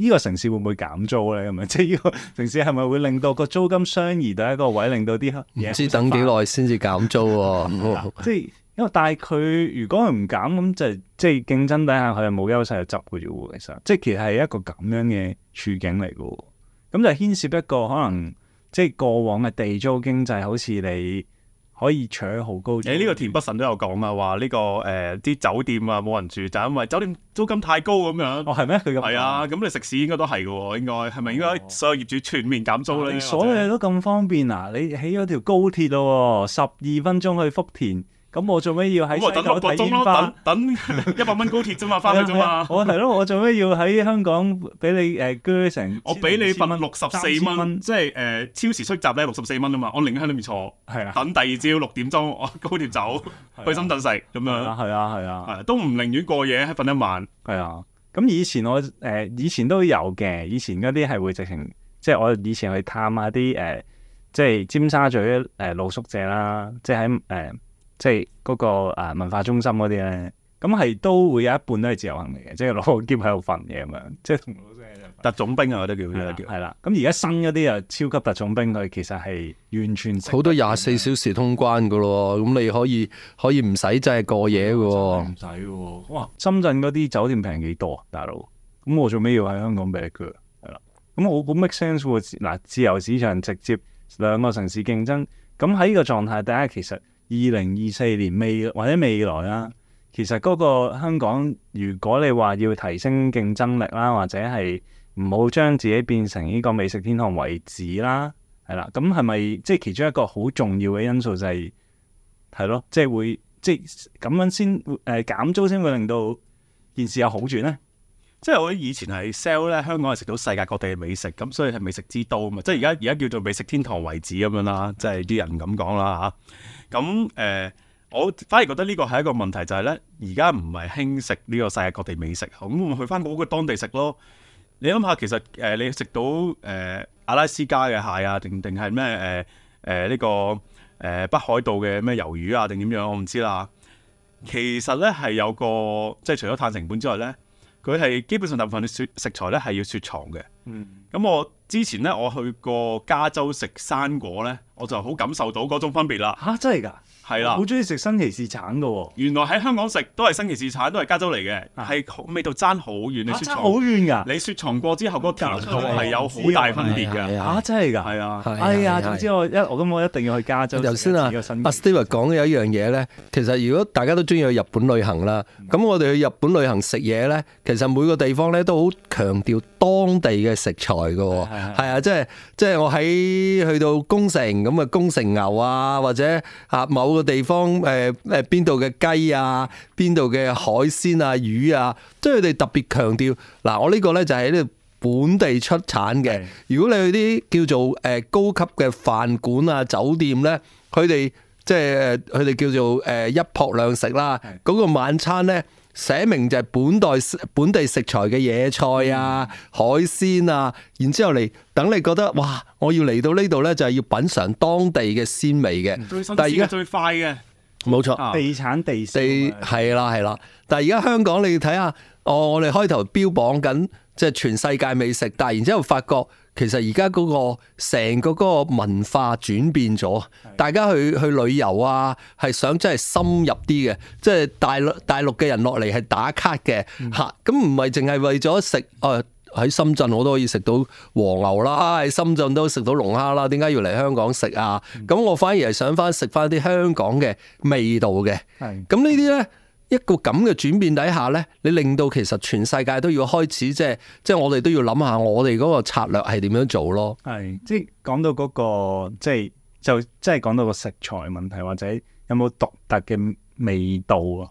呢個城市會唔會減租咧？咁樣即係呢個城市係咪會令到個租金相移到一個位，令到啲唔知等幾耐先至減租喎、就是？即係因為但係佢如果係唔減咁就即係競爭底下佢係冇優勢就執嘅啫喎。其實即係其實係一個咁樣嘅處境嚟嘅喎。咁就牽涉一個可能即係過往嘅地租經濟，好似你。可以搶好高誒！呢個田北辰都有講啊，話呢、這個誒啲、呃、酒店啊冇人住，就因為酒店租金太高咁樣。哦，係咩？佢咁係啊，咁你食肆應該都係嘅喎，應該係咪應該所有業主全面減租咧？所有嘢都咁方便啊！你起咗條高鐵咯，十二分鐘去福田。咁我做咩要喺西九等鐘咯？等一百蚊高鐵啫嘛，翻去啫嘛。我係咯、啊，我做咩要喺香港俾你誒鋸、呃、成？我俾你瞓六十四蚊，即係誒、呃、超時出閘咧六十四蚊啊嘛。我寧願喺裏面坐，係啊，等第二朝六點鐘，我、啊、高鐵走、啊、去深圳食咁樣。係啊，係啊，啊、啊，都唔寧願過夜喺瞓一晚。係啊，咁以前我誒、呃、以前都有嘅，以前嗰啲係會直情即係我以前去探下啲誒，即係尖沙咀誒、呃呃、露宿者啦，即係喺誒。呃即係嗰、那個誒、啊、文化中心嗰啲咧，咁係都會有一半都係自由行嚟嘅，即係攞個喼喺度瞓嘢咁樣，即係同嗰啲特種兵啊，我都叫咁樣叫。係啦的，咁而家新一啲啊，超級特種兵，佢其實係完全好多廿四小時通關噶咯，咁你可以可以唔使真係過夜噶喎、哦，唔使、哦、哇！深圳嗰啲酒店平幾多，大佬？咁我做咩要喺香港俾一腳？係啦，咁我好 make sense 嗱，自由市場直接兩個城市競爭，咁喺呢個狀態底下，其實。二零二四年未或者未來啦，其實嗰個香港，如果你話要提升競爭力啦，或者係唔好將自己變成呢個美食天堂為止啦，係啦，咁係咪即係其中一個好重要嘅因素就係係咯，即係會即係咁樣先誒減租先會令到件事有好轉呢？即係我以前係 sell 咧，香港係食到世界各地嘅美食，咁所以係美食之都啊嘛，即係而家而家叫做美食天堂為止咁樣啦，即係啲人咁講啦嚇。啊咁誒、呃，我反而覺得呢個係一個問題，就係、是、咧，而家唔係興食呢個世界各地美食，咁去翻嗰個當地食咯。你諗下，其實誒、呃，你食到誒、呃、阿拉斯加嘅蟹啊，定定係咩誒誒呢個誒、呃、北海道嘅咩魷魚啊，定點樣？我唔知啦。其實咧係有個，即係除咗碳成本之外咧，佢係基本上大部分嘅雪食材咧係要雪藏嘅。嗯，咁我之前咧，我去過加州食生果咧，我就好感受到嗰種分別啦。吓，真係噶？係啦，好中意食新奇士橙噶喎。原來喺香港食都係新奇士橙，都係加州嚟嘅，係味道爭好遠，你雪藏，好遠噶。你雪藏過之後，個甜度係有好大分別嘅。吓，真係噶？係啊，係啊，總之我一我咁我一定要去加州食。頭先啊，阿 Stewart 講嘅有一樣嘢咧，其實如果大家都中意去日本旅行啦，咁我哋去日本旅行食嘢咧，其實每個地方咧都好強調當地嘅。嘅食材嘅、哦，係啊，即係即係我喺去到工城咁啊，工城牛啊，或者啊某個地方誒誒邊度嘅雞啊，邊度嘅海鮮啊，魚啊，即係佢哋特別強調，嗱，我呢個咧就係呢度本地出產嘅。的如果你去啲叫做誒高級嘅飯館啊、酒店咧，佢哋即係佢哋叫做誒一仆兩食啦，嗰的個晚餐咧。寫明就係本地本地食材嘅野菜啊、嗯、海鮮啊，然之後嚟等你覺得哇，我要嚟到呢度呢，就係要品嘗當地嘅鮮味嘅。但係而家最快嘅，冇錯，地產地地係啦係啦。但係而家香港，你睇下，哦，我哋開頭標榜緊即係全世界美食，但係然之後發覺。其實而家嗰個成個嗰個文化轉變咗，的大家去去旅遊啊，係想真係深入啲嘅，即係大陸大陸嘅人落嚟係打卡嘅，吓咁唔係淨係為咗食，誒、啊、喺深圳我都可以食到和牛啦，喺、啊、深圳都食到龍蝦啦，點解要嚟香港食啊？咁、嗯、我反而係想返食返啲香港嘅味道嘅，係咁呢啲呢。一個咁嘅轉變底下呢，你令到其實全世界都要開始，即係即係我哋都要諗下，我哋嗰個策略係點樣做咯？係，即係講到嗰個，即係就即係講到個食材問題，或者有冇獨特嘅味道啊？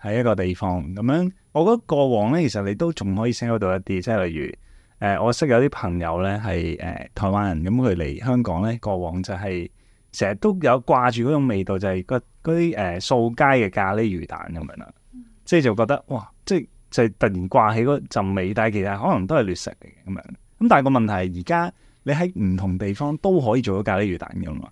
喺一個地方咁樣，我覺得過往呢，其實你都仲可以聽到一啲，即係例如誒，我識有啲朋友呢係誒台灣人，咁佢嚟香港呢，過往就係。成日都有掛住嗰種味道，就係嗰啲誒掃街嘅咖喱魚蛋咁樣啦，嗯、即係就覺得哇，即係就係、突然掛起嗰陣味，但係其實可能都係劣食嚟嘅咁樣。咁但係個問題係而家你喺唔同地方都可以做到咖喱魚蛋噶嘛？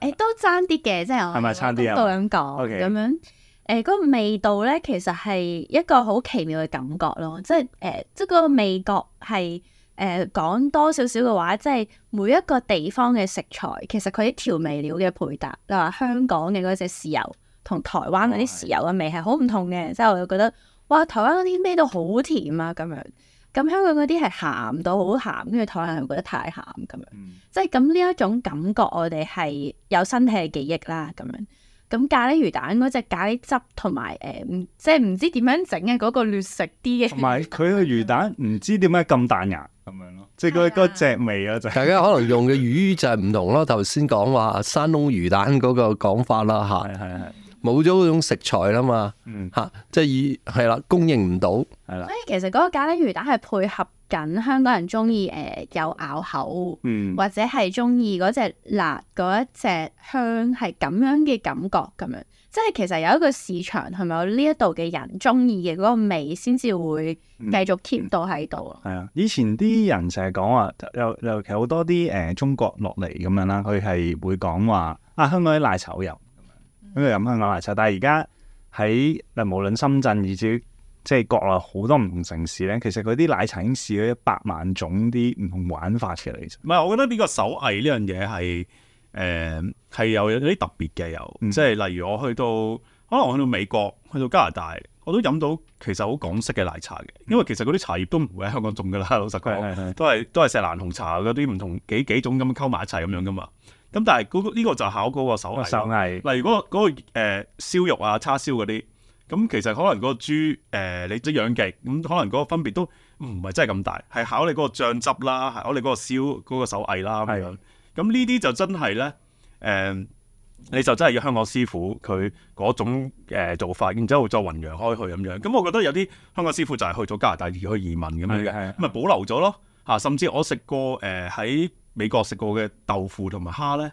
誒、欸，都差啲嘅，即係我係咪差啲啊？咁講，咁 Okay. 樣誒，嗰、呃嗰個、味道咧，其實係一個好奇妙嘅感覺咯，即係誒、呃，即係個味覺係。誒、呃、講多少少嘅話，即係每一個地方嘅食材，其實佢啲調味料嘅配搭，例、就、如、是、香港嘅嗰隻豉油同台灣嗰啲豉油嘅味係好唔同嘅，之後、哎、我就覺得，哇！台灣嗰啲咩都好甜啊，咁樣，咁香港嗰啲係鹹到好鹹，跟住台灣人又覺得太鹹咁樣，嗯、即係咁呢一種感覺，我哋係有身體嘅記憶啦，咁樣。咁咖喱魚蛋嗰隻咖喱汁同埋誒，唔、呃、即係唔知點樣整嘅嗰個劣食啲嘅，同埋佢個魚蛋唔知點解咁彈牙咁樣咯，嗯嗯、即係佢嗰隻味咯就的。大家 可能用嘅魚就係唔同咯，頭先講話山窿魚蛋嗰個講法啦吓，係係冇咗嗰種食材啦嘛，吓、嗯，即係魚，係啦，供應唔到係啦，的所以其實嗰個咖喱魚蛋係配合。緊香港人中意，誒，有咬口，嗯、或者係中意嗰隻辣嗰一隻香係咁樣嘅感覺咁樣，即、就、係、是、其實有一個市場係咪有呢一度嘅人中意嘅嗰個味先至會繼續 keep 到喺度咯？係、嗯嗯、啊，以前啲人成日講話尤又其好多啲誒、呃、中國落嚟咁樣啦，佢係會講話啊，香港啲奶茶好油咁樣，跟飲香港奶茶，但係而家喺無論深圳以至。即係國內好多唔同城市咧，其實佢啲奶茶已經試咗一百萬種啲唔同玩法出嚟。其實唔係，我覺得呢個手藝呢樣嘢係誒係有有啲特別嘅，有、嗯、即係例如我去到可能我去到美國，去到加拿大，我都飲到其實好港式嘅奶茶嘅，因為其實嗰啲茶葉都唔會喺香港種㗎啦。老實講，都係都係錫蘭紅茶嗰啲唔同幾幾種咁溝埋一齊咁樣噶嘛。咁但係嗰呢個就考嗰個手藝，手藝。例如嗰個嗰個呃、燒肉啊、叉燒嗰啲。咁其實可能個豬誒、呃、你都係養極，咁可能嗰個分別都唔係真係咁大，係考你嗰個醬汁啦，考你嗰、嗰個燒手藝啦咁樣。咁呢啲就真係咧誒，你就真係要香港師傅佢嗰種、嗯呃、做法，然之後再醖釀開去咁樣。咁我覺得有啲香港師傅就係去咗加拿大而去移民咁樣嘅，咁咪的保留咗咯。嚇，甚至我食過誒喺、呃、美國食過嘅豆腐同埋蝦咧，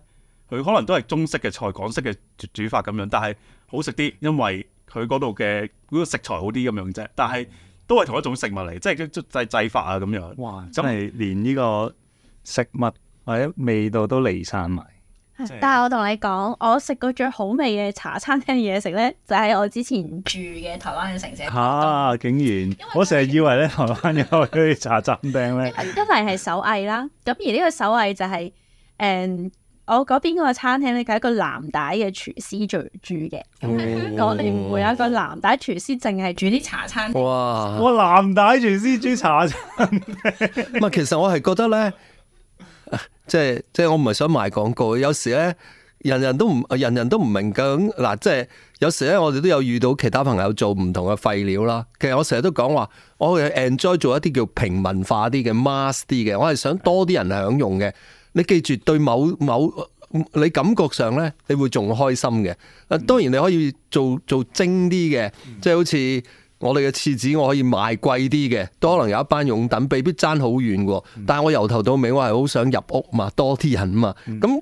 佢可能都係中式嘅菜、港式嘅煮法咁樣，但係好食啲，因為。佢嗰度嘅嗰個食材好啲咁樣啫，但係都係同一種食物嚟，即係即即製法啊咁樣。哇！真係連呢個食物或者味道都離散埋。就是、但係我同你講，我食過最好味嘅茶餐廳嘢食咧，就係我之前住嘅台灣嘅城市。嚇、啊！竟然、就是、我成日以為咧台灣嘅茶餐廳咧，因為係手藝啦。咁而呢個手藝就係、是、誒。嗯我嗰邊嗰個餐廳咧，係一個藍帶嘅廚師做住嘅。咁喺香港，你唔會有一個藍帶廚師淨係煮啲茶餐廳。哇！個藍帶廚師煮茶餐廳。唔 其實我係覺得咧、啊，即係即係我唔係想賣廣告。有時咧，人人都唔人人都唔明嘅。咁、啊、嗱，即係有時咧，我哋都有遇到其他朋友做唔同嘅廢料啦。其實我成日都講話，我 enjoy 做一啲叫平民化啲嘅，mass 啲嘅。我係想多啲人享用嘅。你記住對某某、呃、你感覺上咧，你會仲開心嘅。當然你可以做做精啲嘅，嗯、即係好似我哋嘅廁紙，我可以賣貴啲嘅，都可能有一班擁躉，未必爭好遠喎。但係我由頭到尾，我係好想入屋嘛，多啲人嘛。咁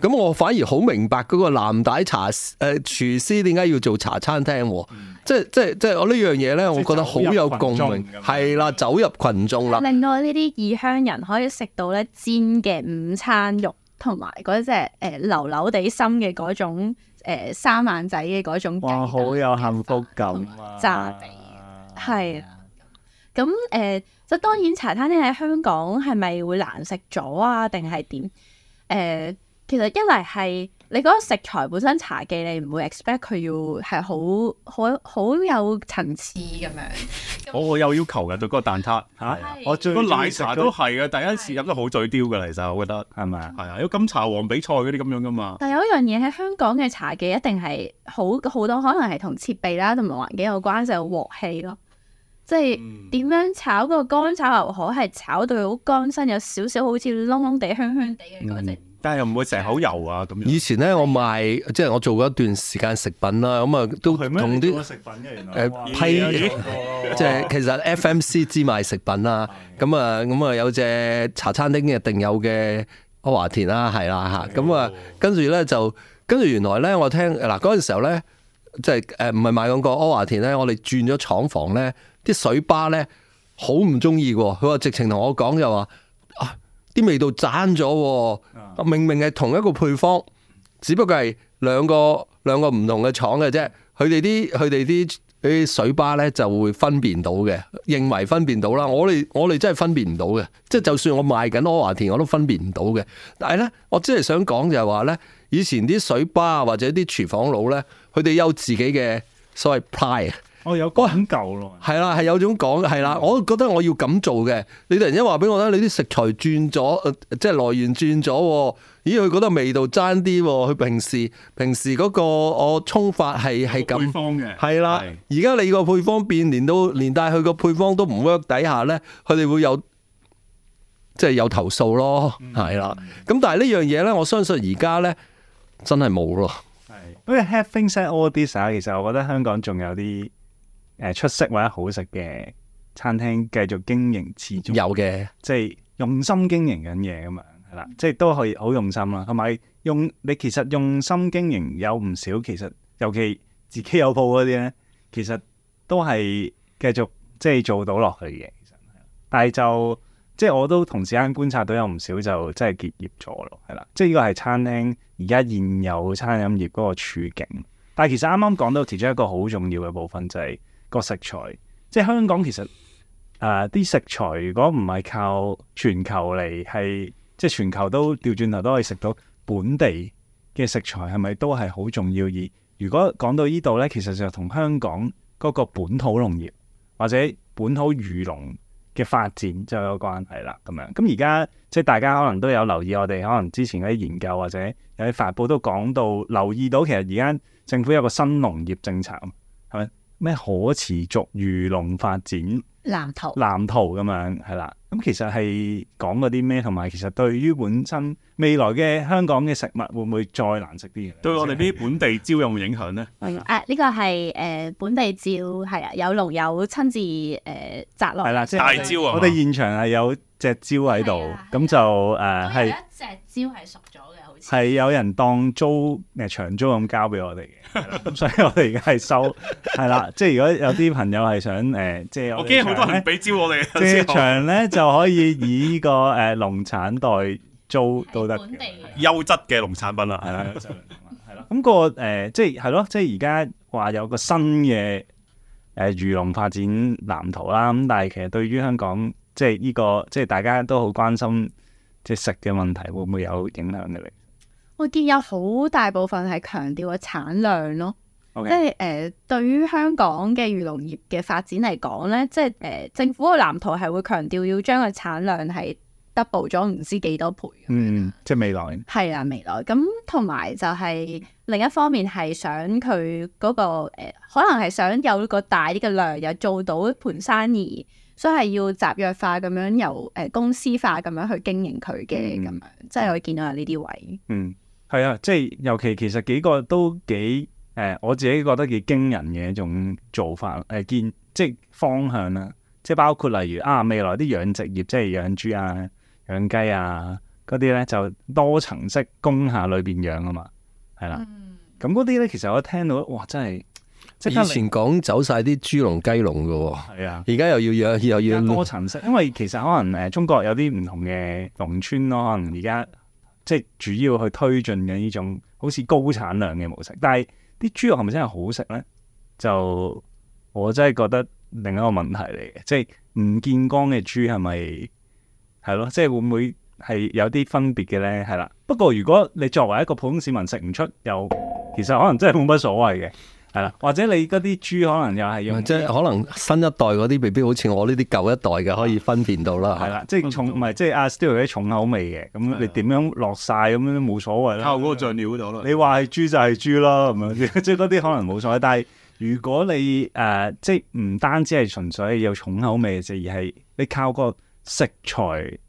咁、嗯，我反而好明白嗰個藍帶茶誒、呃、廚師點解要做茶餐廳。嗯嗯即係即係即係我呢樣嘢咧，我覺得好有共鳴，係啦，走入群眾啦。令到呢啲異鄉人可以食到咧煎嘅午餐肉，同埋嗰隻誒流流地心嘅嗰種、呃、三眼仔嘅嗰種，哇！好有幸福感啊！炸味係啊，咁誒，即係、呃、當然茶餐廳喺香港係咪會難食咗啊？定係點？誒、呃，其實一嚟係。你嗰個食材本身茶記，你唔會 expect 佢要係好好好有層次咁樣。我、 哦、我有要求嘅，對嗰個蛋撻嚇， 個奶茶都係嘅。第一次飲得好嘴刁嘅啦，其實我覺得係咪、嗯、啊？係啊，因為金茶王比賽嗰啲咁樣噶嘛。但有一樣嘢喺香港嘅茶記，一定係好好多，可能係同設備啦同埋環境有關，就鑊氣咯。即係點樣炒個乾炒牛河係炒到好乾身，有少少好似窿窿地、香香地嘅嗰隻。嗯但又唔會成口油啊咁樣。以前咧我賣即係我做過一段時間食品啦，咁、嗯、啊都同啲食品嘅原來。批即係其實 FMC 芝麥食品啦，咁啊咁啊有一隻茶餐廳一定有嘅柯華田啦，係啦嚇，咁啊的、嗯、跟住咧就跟住原來咧我聽嗱嗰陣時候咧即係誒唔係賣嗰個柯華田咧，我哋轉咗廠房咧，啲水吧咧好唔中意嘅喎，佢話直情同我講就話。啲味道差咗，明明係同一個配方，只不過係兩個兩個唔同嘅廠嘅啫。佢哋啲佢哋啲水吧呢就會分辨到嘅，認為分辨到啦。我哋我哋真係分辨唔到嘅，即係就算我賣緊阿華田，我都分辨唔到嘅。但係呢，我真係想講就係話呢，以前啲水吧或者啲廚房佬呢，佢哋有自己嘅所謂 pride 我、哦、有講舊咯，係啦，係 有種講係啦。我覺得我要咁做嘅，你突然間話俾我聽，你啲食材轉咗、呃，即係來源轉咗。咦？佢覺得味道爭啲，佢平時平時嗰個我沖法係係咁，嘅係啦。而家的的你個配方變連，連到連帶佢個配方都唔 work 底下咧，佢哋會有即係、就是、有投訴咯。係啦。咁、嗯嗯、但係呢樣嘢咧，我相信而家咧真係冇咯。係，因為 having said all this，其實我覺得香港仲有啲。誒，出色，或者好食嘅餐廳繼續經營，始終有嘅的，即係用心經營緊嘢咁樣係啦，即係都可以好用心啦。同埋用你其實用心經營有唔少，其實尤其自己有鋪嗰啲咧，其實都係繼續即係做到落去嘅。其實但係就即係我都同時間觀察到有唔少就真係結業咗咯，係啦。即係呢個係餐廳而家現有餐飲業嗰個處境。但係其實啱啱講到其中一個好重要嘅部分就係、是。個食材，即係香港其實誒啲，呃、食材，如果唔係靠全球嚟，係即係全球都調轉頭都可以食到本地嘅食材，係咪都係好重要？而如果講到呢度呢，其實就同香港嗰個本土農業或者本土漁農嘅發展就有關係啦。咁樣咁而家即係大家可能都有留意我，我哋可能之前嗰啲研究或者有啲發布都講到，留意到其實而家政府有個新農業政策，係咪？咩可持續漁農發展藍圖藍圖咁樣係啦，咁其實係講嗰啲咩，同埋其實對於本身未來嘅香港嘅食物會唔會再難食啲？對我哋啲本地蕉有冇影響咧？誒呢、就是嗯啊這個係誒、呃、本地蕉係啊，有農友親自誒、呃、摘落嚟係啦，即係大蕉啊！我哋現場係有隻蕉喺度，咁就誒係、呃、一隻蕉係熟。係有人當租咩場租咁交俾我哋嘅，咁所以我哋而家係收係啦， 即係如果有啲朋友係想誒，即、呃、係我驚好多人俾招我哋，借場咧就可以以呢、呢個誒、呃、農產代租都得嘅，本地的優質嘅農產品啦，係啦，就啦，咁個誒即係係咯，即係而家話有個新嘅誒漁農發展藍圖啦，咁但係其實對於香港即係、呢、呢個即係、呢個、大家都好關心即係食嘅問題會唔會有影響嘅咧？我見有好大部分係強調個產量咯，Okay. 即係誒、呃、對於香港嘅漁農業嘅發展嚟講咧，即係誒、呃、政府嘅藍圖係會強調要將個產量係 double 咗唔知幾多倍。嗯，即係未來。係啊，未來。咁同埋就係另一方面係想佢嗰、嗰個、呃、可能係想有個大啲嘅量，又做到一盤生意，所以係要集約化咁樣，由誒、呃、公司化咁樣去經營佢嘅咁樣，即係我見到有呢啲位。嗯。係啊，即係尤其其實幾個都幾誒、呃，我自己覺得幾驚人嘅一種做法，誒、呃、見即係方向啦、啊，即係包括例如啊未來啲養殖業，即係養豬啊、養雞啊嗰啲咧，就多層式工廈裏邊養啊嘛，係啦、啊。咁嗰啲咧，其實我聽到哇，真係，即係以前講走晒啲豬籠雞籠嘅喎、哦，啊，而家又要養又要養多層式，因為其實可能誒、呃、中國有啲唔同嘅農村咯，可能而家。即係主要去推進嘅呢種好似高產量嘅模式，但係啲豬肉係咪真係好食呢？就我真係覺得另一個問題嚟嘅，即係唔見光嘅豬係咪係咯？即係會唔會係有啲分別嘅呢？係啦。不過如果你作為一個普通市民食唔出，又其實可能真係冇乜所謂嘅。係啦，或者你嗰啲豬可能又係用，嗯、即係可能新一代嗰啲未必好似我呢啲舊一代嘅可以分辨到啦。係啦，即係重唔係即係阿 Stewart 重口味嘅，咁、嗯、你點樣落晒，咁樣都冇所謂啦。靠嗰個醬料度咯。你話係豬就係豬啦，咁樣即係嗰啲可能冇所謂。但係如果你誒、呃、即係唔單止係純粹有重口味嘅啫，而係你靠個食材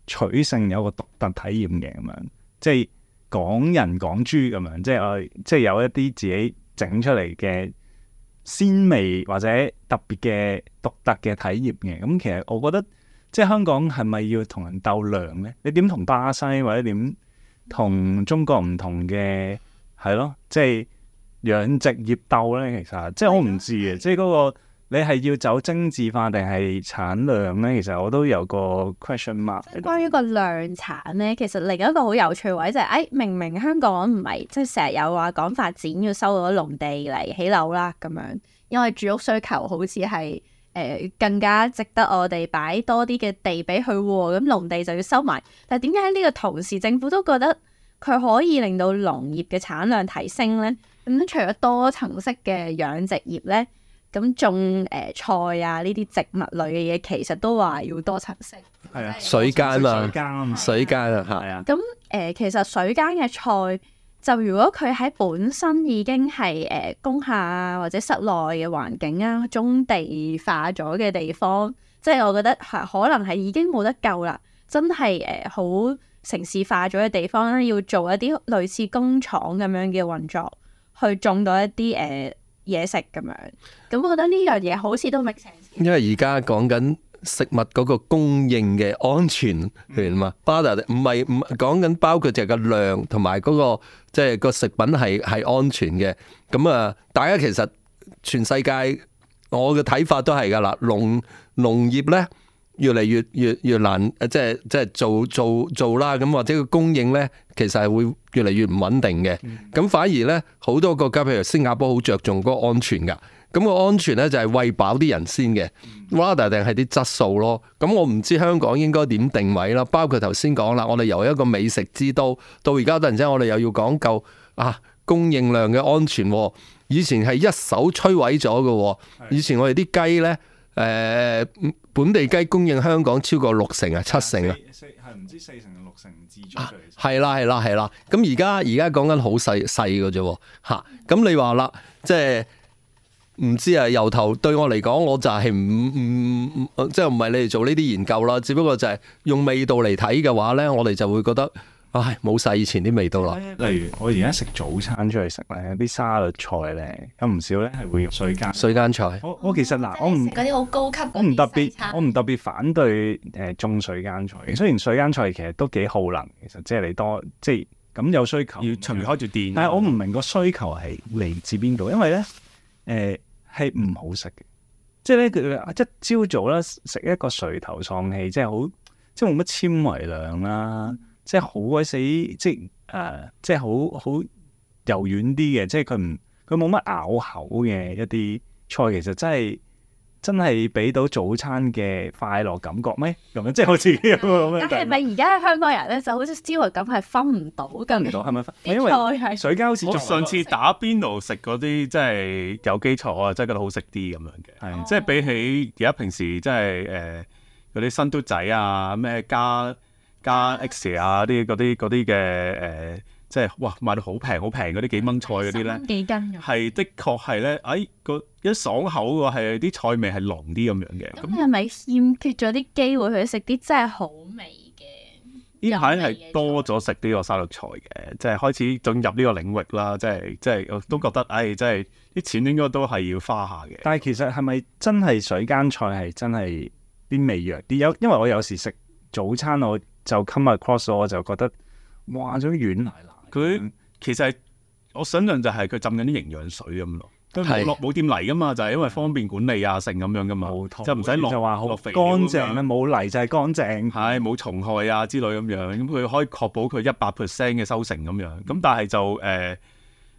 取勝有個獨特體驗嘅咁樣，即係講人講豬咁樣，即係我即係有一啲自己。整出嚟嘅鮮味或者特別嘅獨特嘅體驗嘅，咁、嗯、其實我覺得即係香港係咪要同人鬥量呢？你點同巴西或者點同中國唔同嘅係咯？即係養殖業鬥呢。其實即係我唔知嘅，即係嗰個。你係要走精緻化定係產量呢？其實我都有個 question mark。關於個量產呢，其實另一個好有趣位就係、是，哎，明明香港唔係即係成日有話講發展要收到啲農地嚟起樓啦咁樣，因為住屋需求好似係誒更加值得我哋擺多啲嘅地俾佢喎。咁、嗯、農地就要收埋，但係點解喺呢個同時，政府都覺得佢可以令到農業嘅產量提升呢？咁、嗯、除咗多層式嘅養殖業呢。咁種誒、呃、菜啊，呢啲植物類嘅嘢其實都話要多層式，係啊，水間啊嘛，水間啊，係啊。咁誒、呃，其實水間嘅菜就如果佢喺本身已經係誒、呃、工廈啊，或者室內嘅環境啊，中地化咗嘅地方，即係我覺得係可能係已經冇得救啦。真係誒好城市化咗嘅地方咧，要做一啲類似工廠咁樣嘅運作，去種到一啲誒、呃嘢食咁樣，咁我覺得呢樣嘢好似都 m 因為而家講緊食物嗰個供應嘅安全源嘛，嗯、包括唔係唔講緊包括淨係個量同埋嗰個即係個食品係係安全嘅。咁啊，大家其實全世界我嘅睇法都係㗎啦，農農業呢。越嚟越越越難，呃、即係即係做做做啦。咁或者個供應呢，其實係會越嚟越唔穩定嘅。咁、嗯、反而呢，好多國家譬如新加坡好着重嗰個安全噶。咁、個安全呢，就係餵飽啲人先嘅、嗯、，rather 定係啲質素咯。咁、嗯、我唔知香港應該點定位啦。包括頭先講啦，我哋由一個美食之都到而家，突然之間我哋又要講究啊供應量嘅安全。以前係一手摧毀咗嘅。以前我哋啲雞呢。呃」誒、嗯。嗯嗯嗯本地雞供應香港超過六成啊，七成啊，四係唔知四成六成之最？係啦、啊，係啦、啊，係啦、啊。咁而家而家講緊好細細嘅啫，嚇、啊。咁你話啦，即係唔知啊。由頭對我嚟講，我就係唔唔，即係唔係你哋做呢啲研究啦。只不過就係用味道嚟睇嘅話咧，我哋就會覺得。唉，冇晒以前啲味道咯！例如我而家食早餐出去食咧，啲沙律菜咧，有唔少咧係會用水間水間菜。我我好、哦、其實嗱，我唔食嗰啲好高級，我唔特別，我唔特別反對誒、呃、種水間菜。雖然水間菜其實都幾耗能，其實即係你多即係咁有需求，要隨開住電。嗯、但係我唔明個需求係嚟自邊度，因為咧誒係唔好食嘅，即係咧一朝早咧食一個垂頭喪氣，即係好即係冇乜纖維量啦、啊。即係好鬼死，即係誒，即係好好柔軟啲嘅，即係佢唔佢冇乜咬口嘅一啲菜，其實真係真係俾到早餐嘅快樂感覺咩？咁樣即係好似咁樣。但係咪而家香港人咧就好似滋味咁係分唔到嘅，唔到係咪？因為水餃好似。 我上次打邊爐食嗰啲真係有基礎啊，我真係覺得好食啲咁樣嘅。係、oh. 即係比起而家平時即係誒嗰啲新都仔啊咩加。加 X 啊啲嗰啲啲嘅誒，即係哇賣到好平好平嗰啲幾蚊菜嗰啲咧，幾斤㗎？係的確係咧，誒個一爽口嘅係啲菜味係濃啲咁樣嘅。咁係咪欠缺咗啲機會去食啲真係好味嘅？呢排係多咗食呢個沙律菜嘅，菜即係開始進入呢個領域啦。即係即係我都覺得唉，真係啲錢應該都係要花下嘅。但係其實係咪真係水間菜係真係啲味弱啲？有因為我有時食早餐我。就 come across 我，就覺得哇！咗軟泥泥，佢其實我想像就係佢浸緊啲營養水咁咯。跟落冇啲泥噶嘛，就係、是、因為方便管理啊、成咁樣噶嘛，通就唔使落落肥。乾淨啦，冇泥就係乾淨。係冇蟲害啊之類咁樣，咁佢可以確保佢一百 percent 嘅收成咁樣。咁但係就誒誒，真、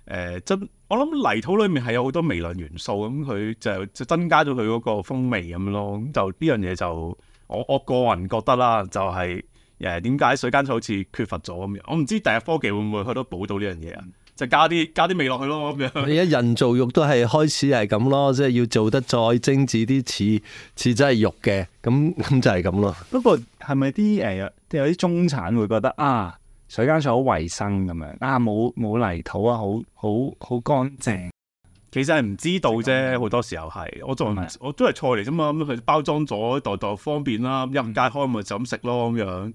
呃呃、我諗泥土裏面係有好多微量元素咁，佢、嗯、就就增加咗佢嗰個風味咁樣咯。咁就呢樣嘢就我我個人覺得啦、就是，就係、是。就是就是就是就是誒，點解水生菜好似缺乏咗咁樣？我唔知第日科技會唔會去到補到呢樣嘢啊？就加啲加啲味落去咯咁樣。而家人造肉都係開始係咁咯，即係要做得再精致啲，似似真係肉嘅。咁咁就係咁咯。不過係咪啲誒有啲中產會覺得啊，水生菜好衛生咁樣啊，冇冇泥土啊，好好好乾淨。其實係唔知道啫，好多時候係我做，的我都係菜嚟啫嘛。咁佢包裝咗袋袋方便啦，一唔揭開咪就咁食咯咁樣。咁、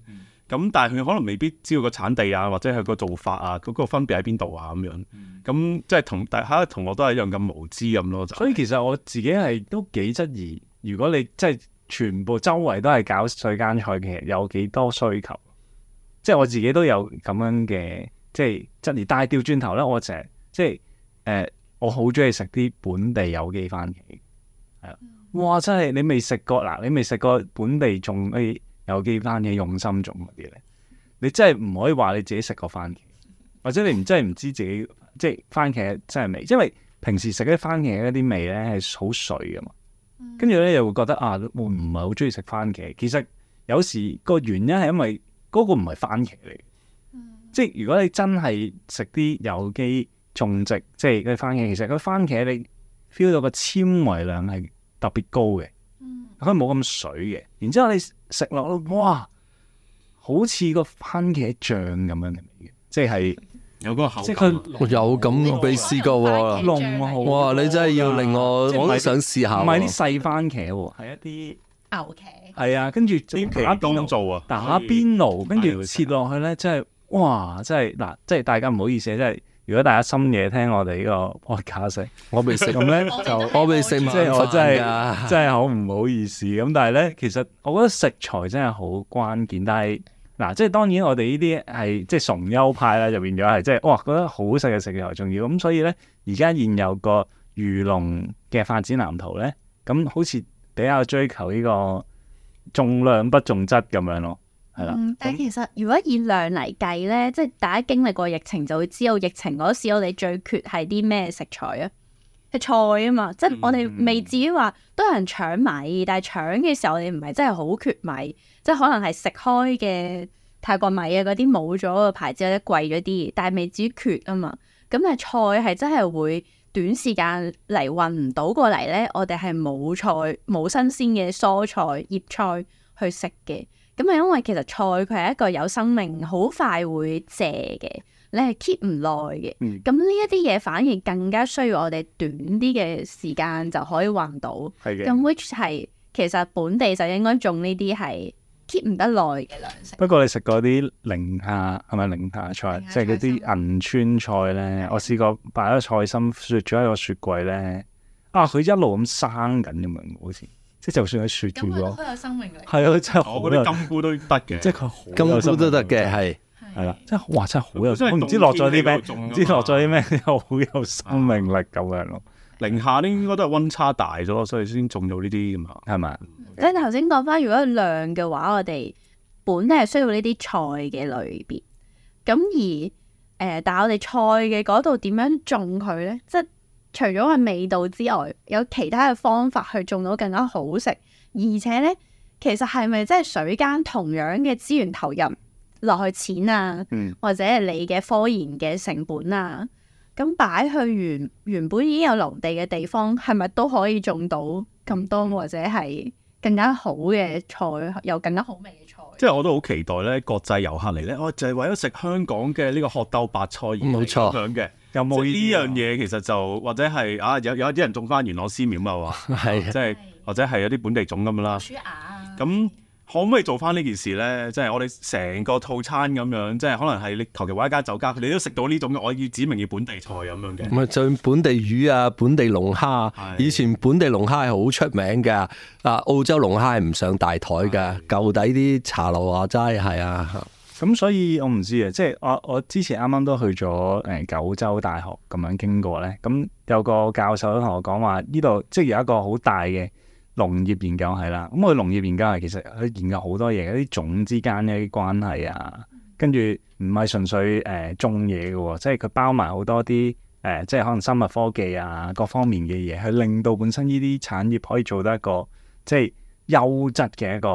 嗯、但係佢可能未必知道個產地啊，或者係個做法啊，嗰、那個分別喺邊度啊咁樣。咁即係同大家同我都係一樣咁無知咁咯。就是、所以其實我自己係都幾質疑，如果你即係、就是、全部周圍都係搞水耕菜，嘅，有幾多需求？即、就、係、是、我自己都有咁樣嘅、就是，即係質疑。但掉轉頭咧，我成日即係誒。我好中意食啲本地有機番茄，係啊，哇！真係你未食過嗱，你未食過本地種嗰啲有機番茄用心種嗰啲咧，你真係唔可以話你自己食過番茄，或者你唔真係唔知自己即係番茄真係味，因為平時食啲番茄一啲味咧係好水噶嘛，跟住咧又會覺得啊，會唔係好中意食番茄。其實有時個原因係因為嗰個唔係番茄嚟嘅，嗯、即係如果你真係食啲有機。種植即係佢啲番茄，其實佢番茄你 feel 到個纖維量係特別高嘅，佢冇咁水嘅。然之後你食落咧，哇，好似個番茄醬咁樣嘅味嘅，即係有個口感。有咁我俾試過喎，濃喎，哇！你真係要令我我都想試下。唔係啲細番茄喎，係一啲牛茄。係啊，跟住打邊爐做啊，打邊爐跟住切落去咧，真係哇！真係嗱，即係大家唔好意思，真係。如果大家深夜聽我哋呢、這個愛假食，我未食咁咧就我未食， 即係我真係 真係好唔好意思。咁但係咧，其實我覺得食材真係好關鍵。但係嗱、啊，即係當然我哋呢啲係即係崇優派啦，就變咗係即係哇，覺得好食嘅食材重要。咁所以咧，而家現有個漁農嘅發展藍圖咧，咁好似比較追求呢個重量不重質咁樣咯。嗯，但係其實如果以量嚟計咧，即係大家經歷過疫情就會知道，疫情嗰時我哋最缺係啲咩食材啊？係菜啊嘛，即係我哋未至於話都有人搶米，嗯、但係搶嘅時候我哋唔係真係好缺米，即係可能係食開嘅泰過米泰國米啊嗰啲冇咗個牌子或者貴咗啲，但係未至於缺啊嘛。咁但係菜係真係會短時間嚟運唔到過嚟咧，我哋係冇菜冇新鮮嘅蔬菜醃菜去食嘅。咁係因為其實菜佢係一個有生命，好快會謝嘅，你係 keep 唔耐嘅。咁呢一啲嘢反而更加需要我哋短啲嘅時間就可以運到。咁的 which 係其實本地就應該種呢啲係 keep 唔得耐嘅糧食。不過你食嗰啲寧夏，係咪寧夏菜？即係嗰啲銀川菜咧，的我試過擺咗菜心雪咗喺個雪櫃咧，啊佢一路咁生緊咁樣，好似～即就算佢雪掉咗，係啊，佢真係好有生命力。我覺得金菇都得嘅，即係佢好有生命力。金菇都得嘅，係係啦，即係哇，真係好有。我唔知落咗啲咩，唔知落咗啲咩，好有生命力咁樣咯。零下呢應該都係溫差大咗，所以先種到呢啲咁啊，係咪？咁頭先講翻，如果係涼嘅話，我哋本係需要呢啲菜嘅類別。咁而誒，但係我哋菜嘅嗰度點樣種佢咧？即係。除咗係味道之外，有其他嘅方法去種到更加好食，而且呢，其實係咪即係水間同樣嘅資源投入落去錢啊，嗯、或者係你嘅科研嘅成本啊？咁擺去原原本已經有農地嘅地方，係咪都可以種到咁多或者係更加好嘅菜，有更加好味嘅菜？即係我都好期待呢國際遊客嚟呢。我、哦、就係、是、為咗食香港嘅呢個鶴藪白菜而嚟。冇錯。有冇呢啲？呢樣嘢其實就或者係啊，有有啲人種翻元朗絲苗啊嘛，即係的或者係有啲本地種咁啦。咁的可唔可以做翻呢件事咧？即係我哋成個套餐咁樣，即係可能係你求其揾一家酒家，你都食到呢種，我要指明要本地菜咁樣嘅。唔係，就本地魚啊，本地龍蝦。以前本地龍蝦係好出名嘅，啊，澳洲龍蝦係唔上大台嘅，舊的底啲茶樓話齋係啊。咁、嗯、所以，我唔知啊，即係我我之前啱啱都去咗誒、呃、九州大學咁樣經過咧。咁、嗯、有個教授都同我講話，呢度即係有一個好大嘅農業研究系啦。咁、嗯、佢、嗯、農業研究系其實佢研究好多嘢，一啲種之間嘅啲關係啊，跟住唔係純粹誒、呃、種嘢嘅、啊，即係佢包埋好多啲誒、呃，即係可能生物科技啊各方面嘅嘢，去令到本身呢啲產業可以做得一個即係優質嘅一個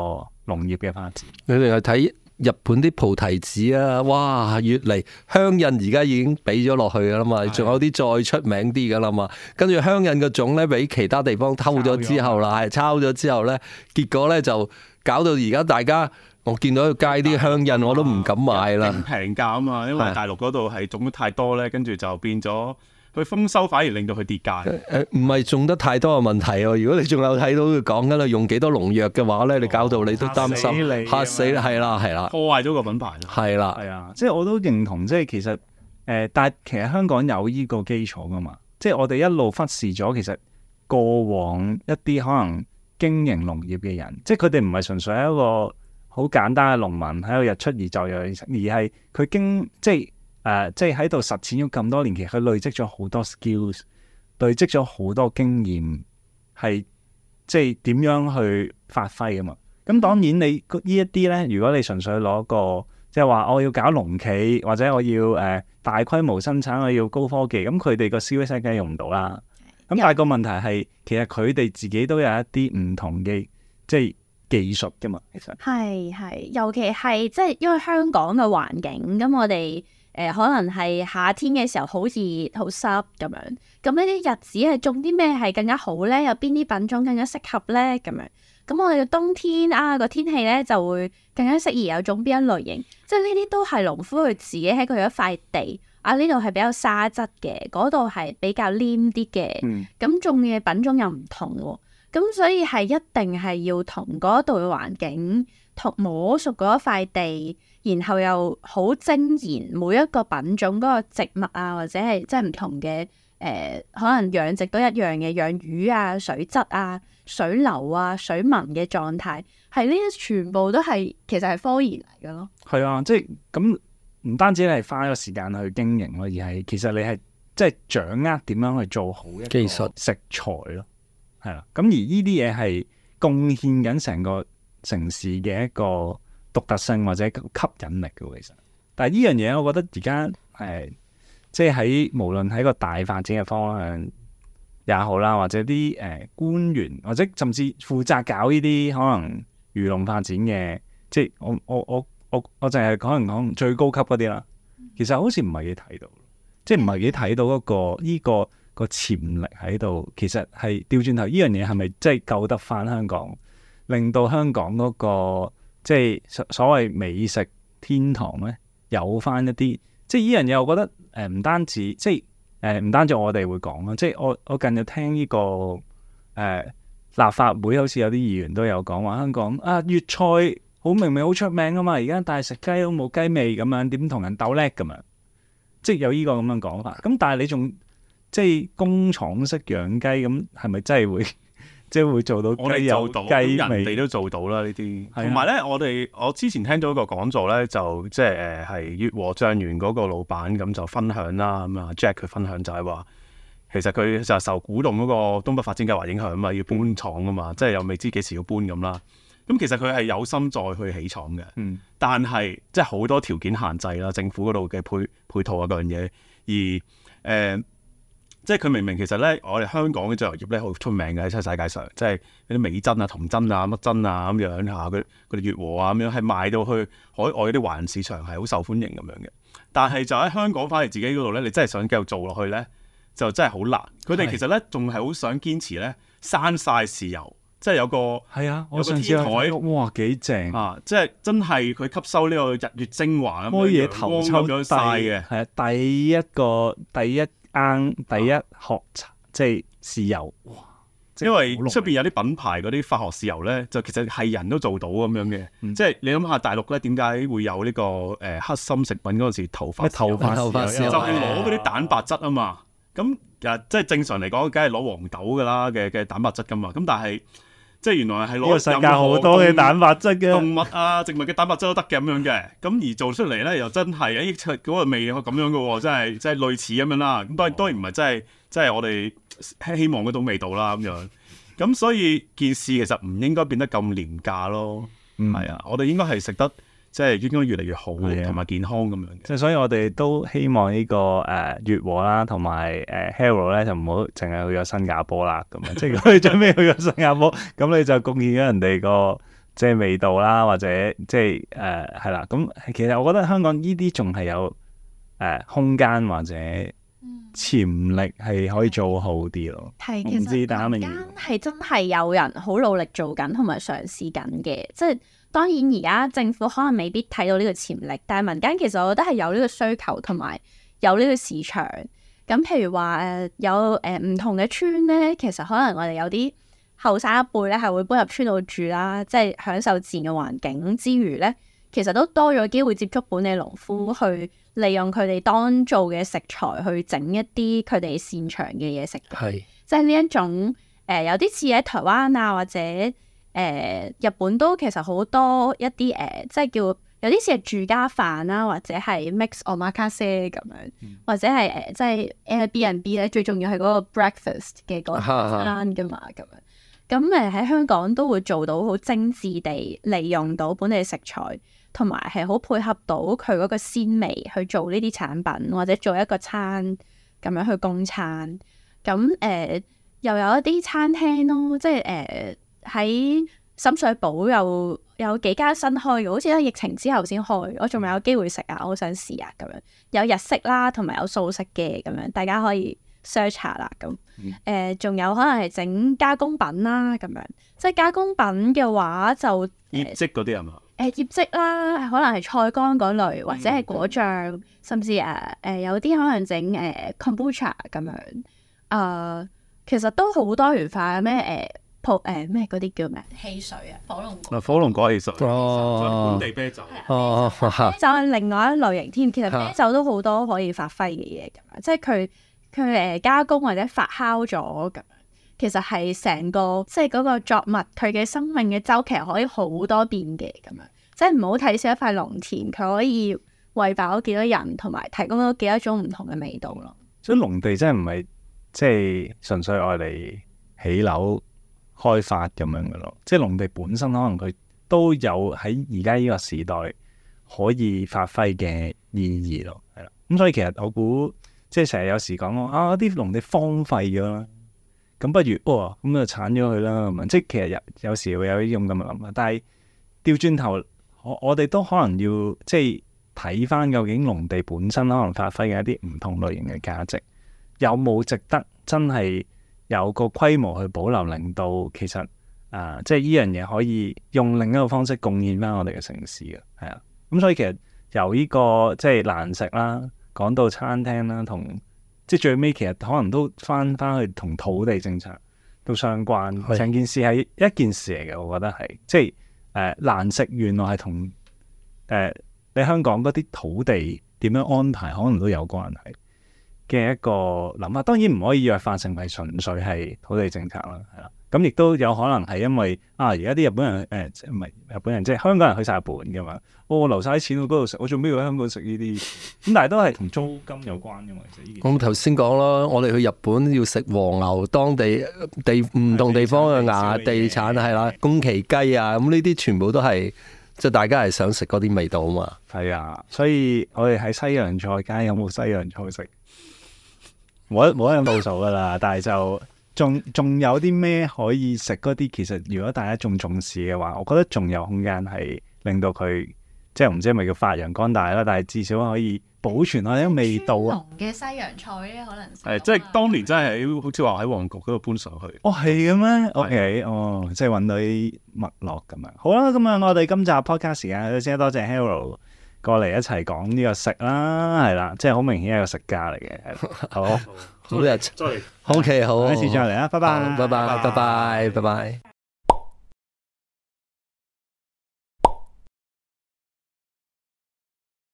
農業嘅發展。佢哋去睇？日本啲菩提子啊，哇！越嚟香印而家已經俾咗落去噶啦嘛，仲有啲再出名啲噶啦嘛。跟住香印嘅種咧，俾其他地方偷咗之後啦，係抄咗之後咧，結果咧就搞到而家大家，我見到街啲香印我都唔敢買啦，啊、平價啊嘛，因為大陸嗰度係種得太多咧，跟住就變咗。佢豐收反而令到佢跌價、呃。誒唔係種得太多嘅問題喎、啊。如果你仲有睇到佢講緊，用幾多農藥嘅話咧，哦、你搞到你都擔心。嚇死你！嚇死啦，係啦。破壞咗個品牌。係啦了，係啊了。即係我都認同，即係其實誒、呃，但係其實香港有呢個基礎噶嘛。即係我哋一路忽視咗，其實過往一啲可能經營農業嘅人，即係佢哋唔係純粹係一個好簡單嘅農民喺度日出而作，而而係佢經即係。即誒、呃，即係喺度實踐咗咁多年，其實佢累積咗好多 skills，累積咗好多經驗，係即係點樣去發揮噶嘛。咁、嗯、當然你呢一啲咧，如果你純粹攞個即係話，就是、我要搞農企，或者我要誒、呃、大規模生產，我要高科技，咁佢哋個 CVC 梗係用唔到啦。咁、嗯、但係個問題係，其實佢哋自己都有一啲唔同嘅即係技術噶嘛，其實係係，尤其係即係因為香港嘅環境，咁我哋。誒可能係夏天嘅時候好熱好濕咁樣，咁呢啲日子係種啲咩係更加好咧？有邊啲品種更加適合咧？咁樣咁我哋冬天啊個天氣咧就會更加適宜有種邊一類型，即係呢啲都係農夫佢自己喺佢一塊地啊，呢度係比較沙質嘅，嗰度係比較黏啲嘅，咁、嗯、種嘅品種又唔同喎、啊，咁所以係一定係要同嗰度嘅環境同摸熟嗰一塊地。然後又好精研每一個品種嗰個植物啊，或者係即係唔同嘅誒、呃，可能養殖都一樣嘅養魚啊、水質啊、水流啊、水文嘅狀態，係呢啲全部都係其實係科研嚟嘅咯。係啊，即係咁唔單止你係花咗時間去經營咯，而係其實你係即係掌握點樣去做好一個食材咯，係啦術。咁、啊、而呢啲嘢係貢獻緊成個城市嘅一個。獨特性或者吸引力嘅，其實，但係呢樣嘢，我覺得而家誒，即係喺無論喺個大發展嘅方向也好啦，或者啲誒、呃、官員或者甚至負責搞呢啲可能漁農發展嘅，即係我我我我我淨係可能講最高級嗰啲啦。其實好似唔係幾睇到，即係唔係幾睇到嗰、那個呢、這個個潛力喺度。其實係調轉頭呢樣嘢係咪即係救得翻香港，令到香港嗰、那個？即係所所謂美食天堂咧，有翻一啲即係依樣嘢，我覺得誒唔、呃、單止即係誒唔單止我哋會講啊，即係我我近日聽呢、這個誒、呃、立法會好似有啲議員都有講話香港啊，粵菜好明明好出名啊嘛，而家但係食雞都冇雞味咁樣，點同人鬥叻咁樣，即係有呢個咁樣講法。咁但係你仲即係工廠式養雞咁，係咪真係會？即係會做到雞，我做到雞油人哋都做到啦、啊、呢啲。同埋咧，我哋我之前聽到一個講座咧，就即係誒係悅和醬園嗰個老闆咁就分享啦，咁啊 Jack 佢分享就係話，其實佢就係受古洞嗰個東北發展計劃影響嘛，要搬廠噶嘛，的即係又未知幾時要搬咁啦。咁其實佢係有心再去起廠嘅，嗯、但係即係好多條件限制啦，政府嗰度嘅配配套啊嗰樣嘢，而誒。呃即係佢明明其實咧，我哋香港嘅醬油業咧好出名嘅喺世界上，即係嗰啲美珍啊、同珍啊、乜珍啊咁樣吓，佢佢哋悅和啊咁樣，係賣到去海外啲華人市場係好受歡迎咁樣嘅。但係就喺香港翻嚟自己嗰度咧，你真係想繼續做落去咧，就真係好難。佢哋其實咧仲係好想堅持咧，生曬豉油，即係有個係啊，我上次睇哇幾正啊！即係真係佢吸收呢個日月精華咁樣嘅，光咗晒嘅。係啊，第一個第一個。第一第一、啊、學即係豉油，哇，因為出邊有啲品牌嗰啲化學豉油咧，就其實係人都做到咁樣嘅。嗯、即係你諗下，大陸咧點解會有呢、呢個誒、呃、黑心食品嗰陣時頭髮？咩頭髮？就係攞嗰啲蛋白質啊嘛。咁誒、啊，即係正常嚟講，梗係攞黃豆噶啦嘅嘅蛋白質噶嘛。咁但係。即係原來係攞世界好多嘅蛋白質嘅動物啊， 植物嘅蛋白質都得嘅咁樣嘅，咁而做出嚟咧又真係，咦嗰個味咁樣嘅喎，真係真係類似咁樣啦，咁但係當然唔係、哦、真係真係我哋希望嗰種味道啦咁樣，咁所以件事其實唔應該變得咁廉價咯，係、嗯、啊，我哋應該係食得。即係應該越嚟越好嘅，同埋的健康咁樣嘅。即係所以我哋都希望呢個誒粵和啦，同埋誒 Harold 咧，就唔好淨係去咗新加坡啦。咁 樣，即係如果你最尾去咗新加坡，咁 你就貢獻咗人哋個即係味道啦，或者即係誒係啦。咁、呃、其實我覺得香港呢啲仲係有誒、呃、空間或者潛力係可以做好啲咯。係、嗯，唔知的其實民間係真係有人好努力做緊，同埋嘗試緊嘅，即係。當然，而家政府可能未必睇到呢個潛力，但係民間其實我覺得係有呢個需求同埋有呢個市場。咁譬如話誒，有誒唔同嘅村咧，其實可能我哋有啲後生一輩咧，係會搬入村度住啦，即係享受自然嘅環境之餘咧，其實都多咗機會接觸本地農夫，去利用佢哋當造嘅食材去整一啲佢哋擅長嘅嘢食。係，即係呢一種誒，有啲似喺台灣啊，或者，誒、uh, 日本都其實好多一啲誒，uh, 即係叫有啲似係住家飯啦、啊，或者係 mix omakase 咁樣，嗯、或者係誒即、uh, 係 Airbnb 咧，最重要係嗰個 breakfast 嘅嗰餐噶嘛咁樣。咁誒喺香港都會做到好精緻地利用到本地食材，同埋係好配合到佢嗰個鮮味去做呢啲產品，或者做一個餐咁樣去供餐。咁誒、uh, 又有一啲餐廳咯，即係誒。Uh, 喺深水埗有有幾間新開嘅，好似喺疫情之後先開。我仲未有機會食啊，我好想試啊咁樣。有日式啦，同埋有素食嘅咁樣，大家可以 search 下啦咁。誒，仲、嗯呃、有可能係整加工品啦咁樣。即係加工品嘅話就，業績嗰啲啊嘛。誒、呃、業績啦，可能係菜乾嗰類，或者係果醬，嗯嗯、甚至誒誒、呃、有啲可能整誒 Kombucha 咁樣。誒、呃，其實都好多元化咩誒？ 誒，咩嗰啲叫咩汽水龍果啊？火龍嗱，火龍果汽水本地啤酒哦，啤酒係、啊、另外一類型添。其實啤酒都好多可以發揮嘅嘢，咁樣、啊、即係佢佢誒加工或者發酵咗，咁樣其實係成個即係嗰個作物佢嘅生命嘅周期可以好多變嘅，咁樣即係唔好睇少一塊農田，佢可以餵飽幾多人，同埋提供咗幾多種唔同嘅味道咯。所以農地真係唔係即係純粹愛嚟起樓。開發咁樣嘅咯，即係農地本身可能佢都有喺而家呢個時代可以發揮嘅意義咯，係啦。咁、嗯、所以其實我估即係成日有時講啊啲農地荒廢咗啦，咁不如哦，咁就剷咗佢啦，咁啊，即係其實有有時會有呢啲咁嘅諗法，但係掉轉頭，我我哋都可能要即係睇返究竟農地本身可能發揮嘅一啲唔同類型嘅價值，有冇值得真係？有個規模去保留，令到其實啊、呃，即係依樣嘢可以用另一個方式貢獻翻我哋嘅城市嘅，係啊。咁、嗯、所以其實由呢個即係難食啦，講到餐廳啦，同即係最尾其實可能都翻翻去同土地政策都相關，成件事係一件事嚟嘅。我覺得係即係誒、呃、難食，原來係同誒你香港嗰啲土地點樣安排，可能都有關係。嘅一個諗法，當然唔可以弱化成為純粹係土地政策啦，係啦。咁亦都有可能係因為啊，而家啲日本人誒，即係唔係日本人，即係香港人去晒日本嘅嘛、哦。我留晒啲錢去嗰度食，我做咩要喺香港食呢啲？咁但係都係同租金有關嘅嘛。其實頭先講咯，我哋去日本要食和牛，當地地唔同地方嘅雅地產係啦，宮崎雞啊，咁呢啲全部都係即係大家係想食嗰啲味道啊嘛。係啊，所以我哋喺西洋菜街有冇西洋菜食？冇得冇得倒數噶啦，但係就仲仲有啲咩可以食嗰啲。其實如果大家仲重視嘅話，我覺得仲有空間係令到佢即係唔知係咪叫發揚光大啦，但係至少可以保存下嗰啲味道啊。嘅、嗯、西洋菜咧，可能係即係當年真係好似話喺旺角嗰度搬上去。哦，係嘅咩？OK，的哦，即係搵到啲脈絡咁樣。好啦，咁啊，我哋今集 podcast 時間先多謝，謝 Harold 過嚟一齊講呢個食啦，係啦，即係好明顯係個食家嚟嘅， 好， 好，今日再，OK，好，下次再嚟啦，拜拜，拜拜，拜拜，拜拜。